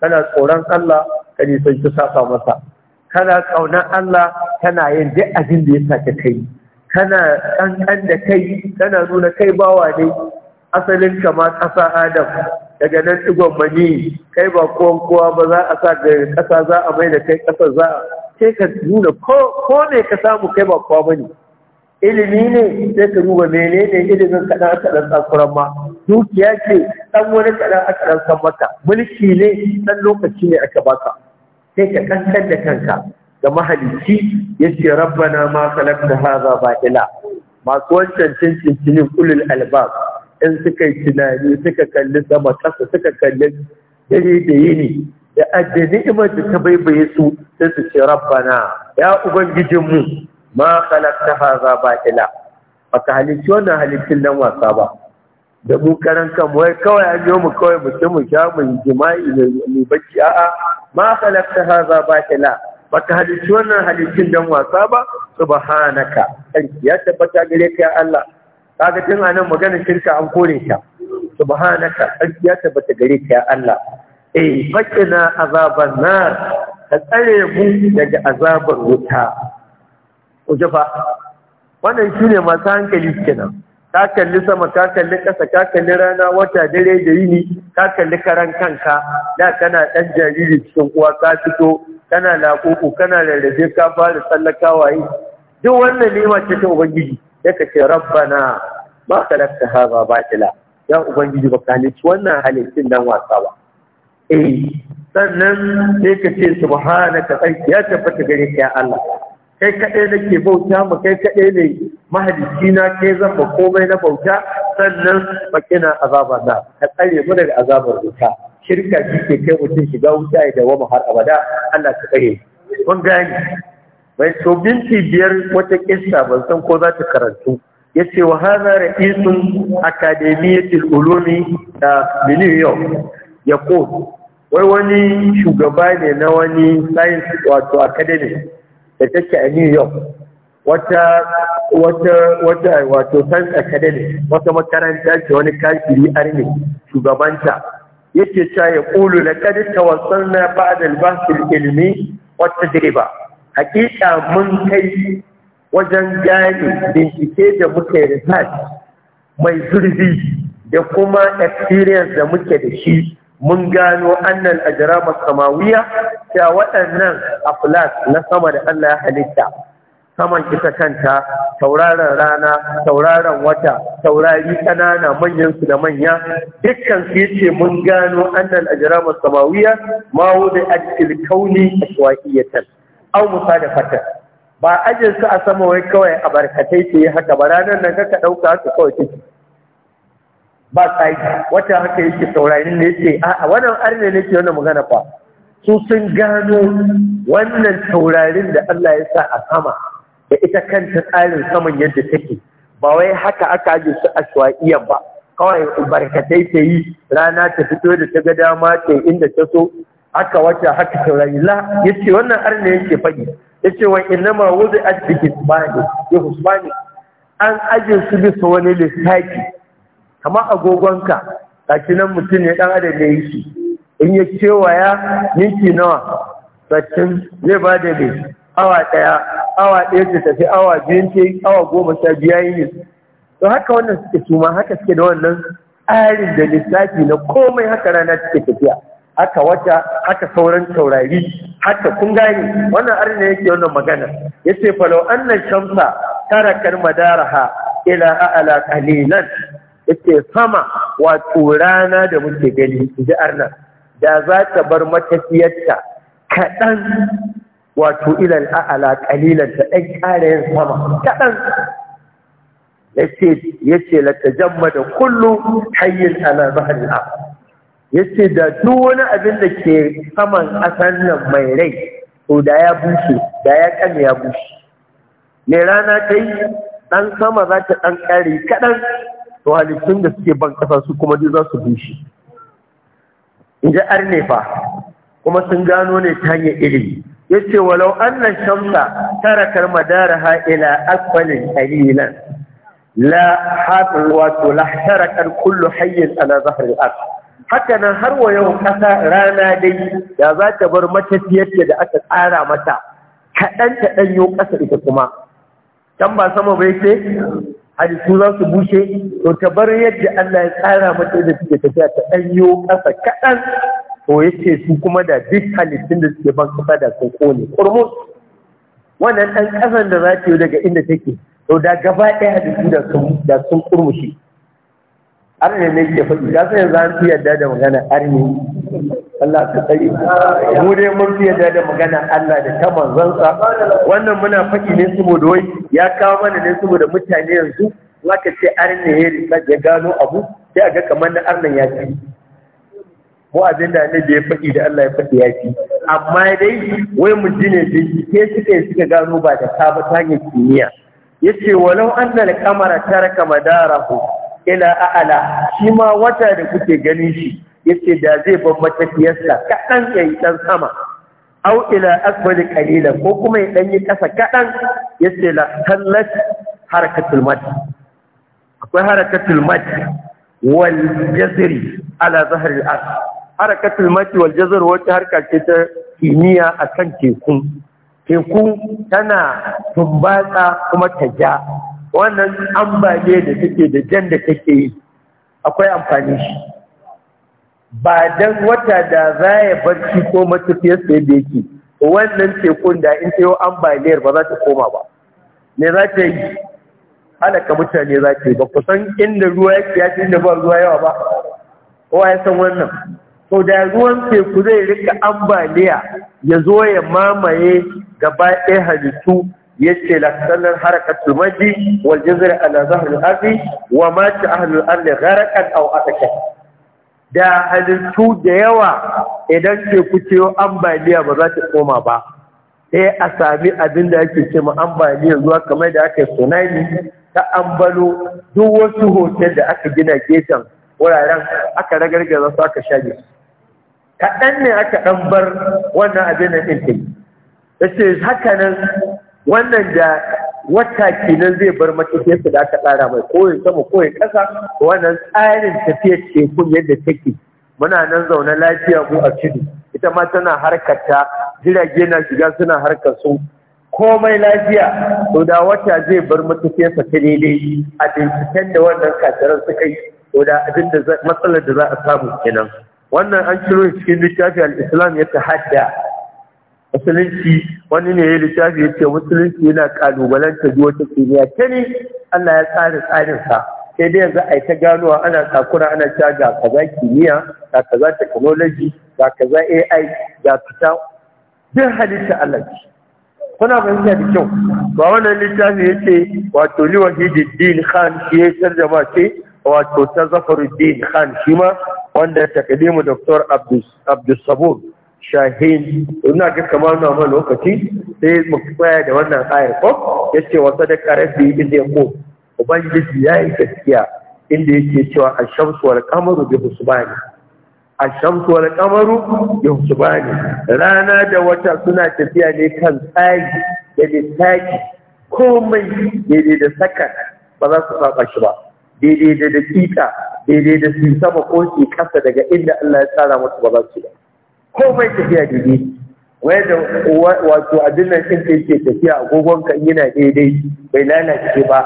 kana tsoron Allah ka nisanci saka masa kana kaunar Allah kana yin duk abin da ya sake kai kana ƙanƙan da kai kana nuna kai bawa ne asalin kama ƙasa adam daga nan ɗigon mani kai ba kowan kowa ba za a sa ga ƙasa za a mai da kai ƙasa za a sai ka nuna ko ne ka samu kai ba kowa bane ilimi ne sai ka duba mene ne ilimin kaɗan aka ɗan tsakuran ma dukiya ce ɗan wani kaɗan aka ɗan san mulki ne ɗan lokaci ne aka baka sai ka ƙanƙan da kanka da mahalicci ce rabbana ma haza ba ila". masu wancan cincinin kulul albab in suka yi tunani suka kalli sama kasa suka kalli dare da yini da ajiye ni'imar da ta baibaye su sai su ce rabbana ya ubangijinmu ma ba ila". Ba ka halicci wannan halittun nan wasa ba da mu karan kan wai kawai an yi mu kawai mutum mu sha mu jima'i mai bacci a'a ma khalaqta hadha batila baka halicci wannan halicin dan wasa ba subhanaka sarki ya tabbata gare ka ya Allah kaga tun anan maganar shirka an kore ta subhanaka sarki ya tabbata gare ka ya Allah eh fakina azaban nar ka tsare mu daga azabar wuta ujafa wannan shine masu hankali kenan ka kalli sama ka kalli ƙasa ka kalli rana wata dare da yini ka kalli karan kanka da kana ɗan jariri cikin uwa ka fito kana laƙoƙo kana rarrafe ka fara tsallakawa yi duk wannan nema ce ta ubangiji ya ka ce rabbana ma kalakta ba batila ya ubangiji ba ka halici wannan halittun nan wasa ba eh sannan sai ka ce subhanaka tsarki ya tabbata gare ka ya Allah kai kaɗai nake bauta ma kai kaɗai ne mahalicci na kai zan ba komai na bauta sannan bakina azabar na ka tsare mu daga azabar wuta shirka shi ke kai mutum shiga wuta ya dawama har abada Allah ka tsare mun gani bai to binti biyar wata kissa ban san ko za ta karantu yace wa hadha ra'isun akademiyatil ulumi da New York yaqul wai wani shugaba ne na wani science wato academy da take a New York wata wata wata wato san Academy wata makaranta ce wani kafiri armi shugabanta yake cewa ya la kad tawassalna ba'da al-bahth al-ilmi wa tajriba hakika mun kai wajen gane bincike da muka yi research mai zurfi da kuma experience da muke da shi mun gano annan ajrama samawiya cewa waɗannan aflas na sama da Allah ya halitta saman ita kanta tauraron rana tauraron wata taurari kanana manyan su da manya dukkan su yace mun gano annan ajrama samawiya ma wudi al-kauni aswaqiyatan aw musadafatan ba ajin su a sama wai kawai a barkatai ce haka ba ranar nan ka ɗauka su kawai take ba kai wata haka yake saurari ne yake a wannan arne ne ke wannan magana fa su sun gano wannan taurarin da Allah ya sa a sama da ita kanta tsarin saman yadda take ba wai haka aka aje su a shuwa'iyan ba kawai barkatai ta yi rana ta fito da ta ga dama ta inda ta so haka wata haka taurari la yace wannan arne yake faɗi yace wa ma wuzi at bi hisbani bi hisbani an aje su bisa wani lissafi Kama agogonka a mutum ne dan adam ne yake in ya minti nawa sattin zai ba da bai awa ɗaya awa ɗaya ta tafi awa biyun ce awa goma sha biya yi to haka wannan suke suma haka suke da wannan tsarin da lissafi na komai haka rana suke tafiya haka wata haka sauran taurari haka kun gane wannan arin ne yake wannan magana yace falau annan shamsa tarakar madaraha ila a'ala qalilan yace sama wato rana da muke gani ji arna da za ta bar matafiyarta kaɗan wato ilal a'ala kalilan ta ɗan ƙara yin sama kaɗan yace yace la tajamma da kullu hayyin ala bahri yace da duk wani abin da ke saman ƙasan nan mai rai to da ya bushe da ya kan ya bushe me rana ta yi ɗan sama za ta ɗan ƙare kaɗan to halittun da suke ban ƙasa su kuma duk za su bushe in ji arnefa kuma sun gano ne ta hanyar ilimi ya ce walau annan shamsa tarakar madara ha ila akwalin kalilan la haɗin wato la tarakar kullu hayyin ala zahar al'ad haka nan har wa yau ƙasa rana dai da za ta bar matafiyarta da aka tsara mata kaɗan ta yau ƙasa ita kuma can ba sama bai ce Hadisu za su bushe to ta bar yadda Allah ya tsara mata da suke tafiya ta ɗanyo ƙasa kaɗan to ya ce su kuma da duk halittun da suke ban ƙasa da sun kone kurmus wannan ɗan ƙasan da za ta yi daga inda take to da gaba ɗaya halittu da sun kurmushe arne ne ke faɗi ya sai yanzu an fi yadda da magana arne Allah ka tsari mu dai mun fi yadda da magana Allah da ta manzansa wannan muna faɗi ne saboda wai ya kawo mana ne saboda mutane yanzu zaka ce arne ya ya gano abu sai a ga kamar na arnan ya ci ko abin da ne da ya faɗi da Allah ya faɗi ya ci amma dai wai mu ji ne ke suka suka gano ba da ta ba ta hanyar kimiyya yace walau annal kamara taraka madarahu ila a'ala shi ma wata da kuke ganin shi yace da zai bar matafiyarsa kaɗan ya yi ɗan sama au ila asfali kalila ko kuma ya ɗan yi ƙasa kaɗan yace la tallat harakatul mat akwai harakatul mat wal jazri ala zahril ard harakatul mat wal jazr wata harka ce ta kimiyya akan teku teku tana tumbatsa kuma ta ja wannan ambaliya da take da jan da take yi akwai amfani shi ba dan wata da za ya barci ko matafiyar sai da yake wannan tekun da in tayo ambaliyar ba za ta koma ba me za ta yi halaka mutane za ta yi ba kusan inda ruwa ya ke ya inda ba ruwa yawa ba kowa ya san wannan to da ruwan teku zai rika ambaliya ya zo ya mamaye gaba ɗaya halittu yace la sanan harakatu maji wal jazr ala zahr al ardi wa ma ta ahli ardi gharqan aw ataka da halittu da yawa idan ke kuciyo ambaliya ba za ta koma ba sai a sami abin da ake cewa ambaliya zuwa kamar da aka yi tsunami ta ambalo duk wasu hotel da aka gina gefen wuraren aka ragargaza su aka shage kaɗan ne aka ɗan bar wannan abin da ɗin ta ce haka nan wannan da wata kenan zai bar matafiyarsa da aka tsara mai koyin sama koyin ƙasa wannan tsarin tafiyar tekun yadda take muna nan zaune lafiya mu a tudu ita ma tana harkata jirage na shiga suna harkar su komai lafiya to da wata zai bar matafiyarsa ta daidai a binciken da wannan kasarar suka yi to da abin da matsalar da za a samu kenan wannan an ciro cikin littafin al-islam ya ta hadda musulunci wani ne ya littafi ya ce musulunci yana kalubalanta biyu wata kimiyya ta ne Allah ya tsara tsarinsa sai dai yanzu a ta ganowa ana takura ana ta ga kaza kimiyya ga kaza technology ga kaza AI ga fita duk halitta Allah ce kuna fahimta da kyau ba wannan littafi ya ce wato liwahididdin khan shi ya tarjama ce wato ta zafaruddin khan shi ma wanda ta kadimu Dr. Abdus Sabur shahin ina ga kamar na lokaci sai mu tsaya da wannan ayar ko yace wa sadaqa rabbi inda yaqul ubangiji ya yi gaskiya inda yake cewa ashamsu wal qamaru bi husbani ashamsu wal qamaru bi husbani rana da wata suna tafiya ne kan tsayi da littafi komai daidai da saka ba za su saba shi ba daidai da dakika daidai da su sama ko su kasa daga inda Allah ya tsara musu ba za su ba komai tafiya daidai wai da wato abin nan ɗin da yake tafiya agogon ka yana daidai bai lalace ba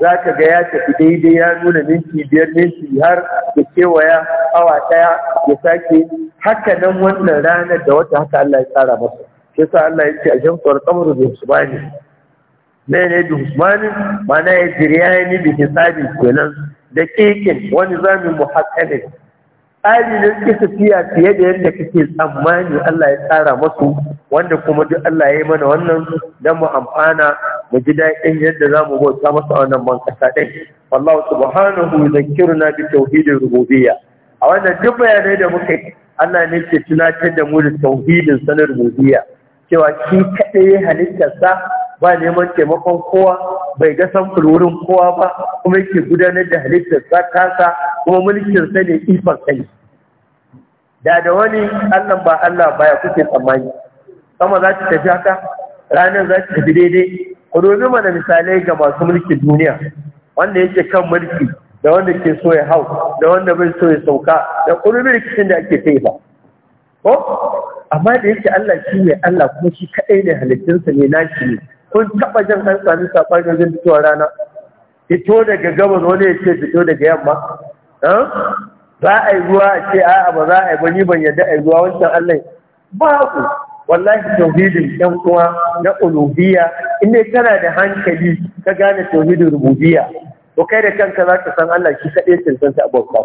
za ka ga ya tafi daidai ya nuna minti biyar minti har ya kewaya awa ɗaya ya sake haka nan wannan ranar da wata haka Allah ya tsara masa shi sa Allah ya ce a jan kwar kamar da Usmani ne ne da Usmani mana ya jiriya ni bi hisabin kenan da kekin wani zamin muhakkalin tsari ne suke tafiya fiye da yadda kake tsammani Allah ya tsara masu wanda kuma duk Allah ya yi mana wannan don mu amfana mu ji daɗin yadda za mu bauta masa wannan man kasa ɗin wallahu subhanahu yuzakkiruna bi tauhidin rububiyya a wannan duk bayanai da muka yi Allah ne ke tunatar da mu da tauhidin sanar rububiyya cewa shi kaɗai halittarsa ba neman taimakon kowa bai ga samfur wurin kowa ba kuma yake gudanar da halittar tasa kuma mulkin sa ne ifan kai da da wani Allah ba Allah baya kuke tsammani sama za ta tafi haka ranar za ta tafi daidai ku mana misalai ga masu mulkin duniya wanda yake kan mulki da wanda ke so ya hau da wanda bai so ya sauka da kurbi rikicin da ake kai ba ko amma da yake Allah shi ne Allah kuma shi kadai ne halittunsa ne nashi ne kun taɓa jan an sami da zai fitowar rana fito daga gabas wani ya ce fito daga yamma za a yi ruwa a ce a'a ba za a yi ba ni ban yadda a yi ruwa wancan Allah babu wallahi tauhidin ɗan uwa na ulubiya in dai kana da hankali ka gane tauhidin rububiya to kai da kanka za ka san Allah shi kaɗai cancanta abauta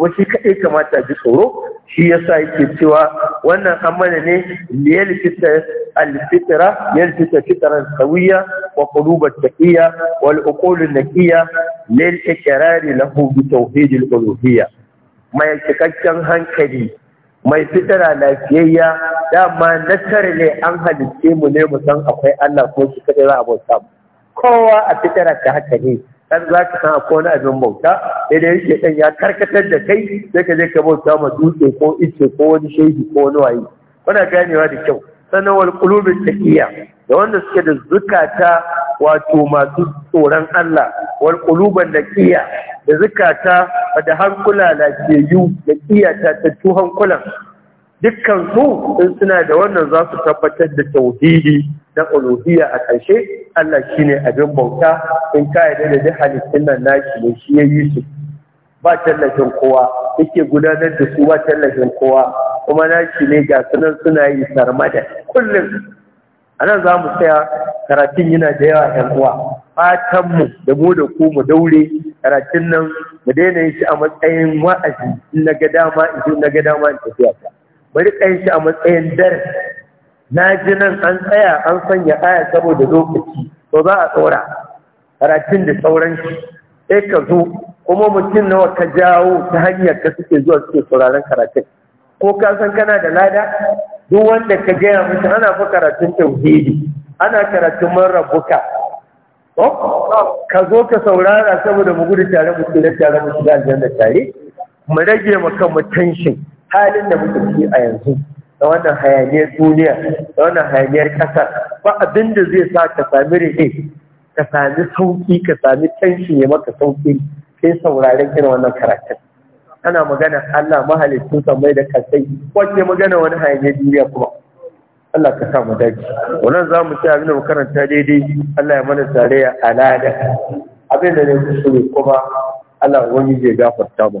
wasu kaɗai kamata ji tsoro shi sa yake cewa wannan amana ne liyal fitar alfitara, liyal fitar fitaran sawiya wa qulubat taqiya wal uqul naqiya lil ikrar lahu bi tauhid mai cikakken hankali mai fitira lafiyayya dama nasar ne an halicce mu ne mu san akwai Allah ko shi kaɗai za a bauta kowa a fitara ta haka ne Ɗan za ka san akwai wani abin bauta idan yake dan ya karkatar da kai sai ka je ka bauta ma dutse ko ice ko wani shehi ko wani waye kuna ganewa da kyau sannan wal qulubin taqiya da wanda suke da zukata wato masu tsoron Allah wal quluban naqiya da zukata da hankula lafiyayyu da kiyata ta tu hankulan dukkan su in suna da wannan za su tabbatar da tauhidi da uluhiyya a ƙarshe Allah shi ne abin bauta in ka yarda da duk halittun nan nashi ne shi ya yi su ba tallafin kowa yake gudanar da su ba tallafin kowa kuma nashi ne ga sunan suna yi sarmada kullum a nan za mu tsaya karatun yana da yawa ‘yan uwa fatanmu da mu da ku mu daure karatun nan mu daina yin shi a matsayin wa'azi in na ga dama in na ga dama in tafiya ta bari shi a matsayin darasi na ji nan an tsaya an sanya aya saboda lokaci to za a tsora karatun da sauran shi sai ka zo kuma mutum nawa ka jawo ta hanyar ka suke zuwa suke sauraron karatun ko ka san kana da lada duk wanda ka gaya musu ana fa karatun tauhidi ana karatun marabuka ka zo ka saurara saboda mu gudu tare mu tsira tare mu shiga aljanna tare mu rage mu kan mu halin da muke ciki a yanzu da wannan hayaniyar duniya da wannan hayaniyar kasar ba abin da zai sa ka sami rihe ka sami sauki ka sami canshi ya maka sauki sai sauraren irin wannan karatun ana magana Allah mahalicin mai da kasai wacce magana wani hayaniyar duniya kuma Allah ka samu daji wannan za mu ci abin da karanta daidai Allah ya mana tarayya alada abin da ne kuma Allah wani zai gafarta mu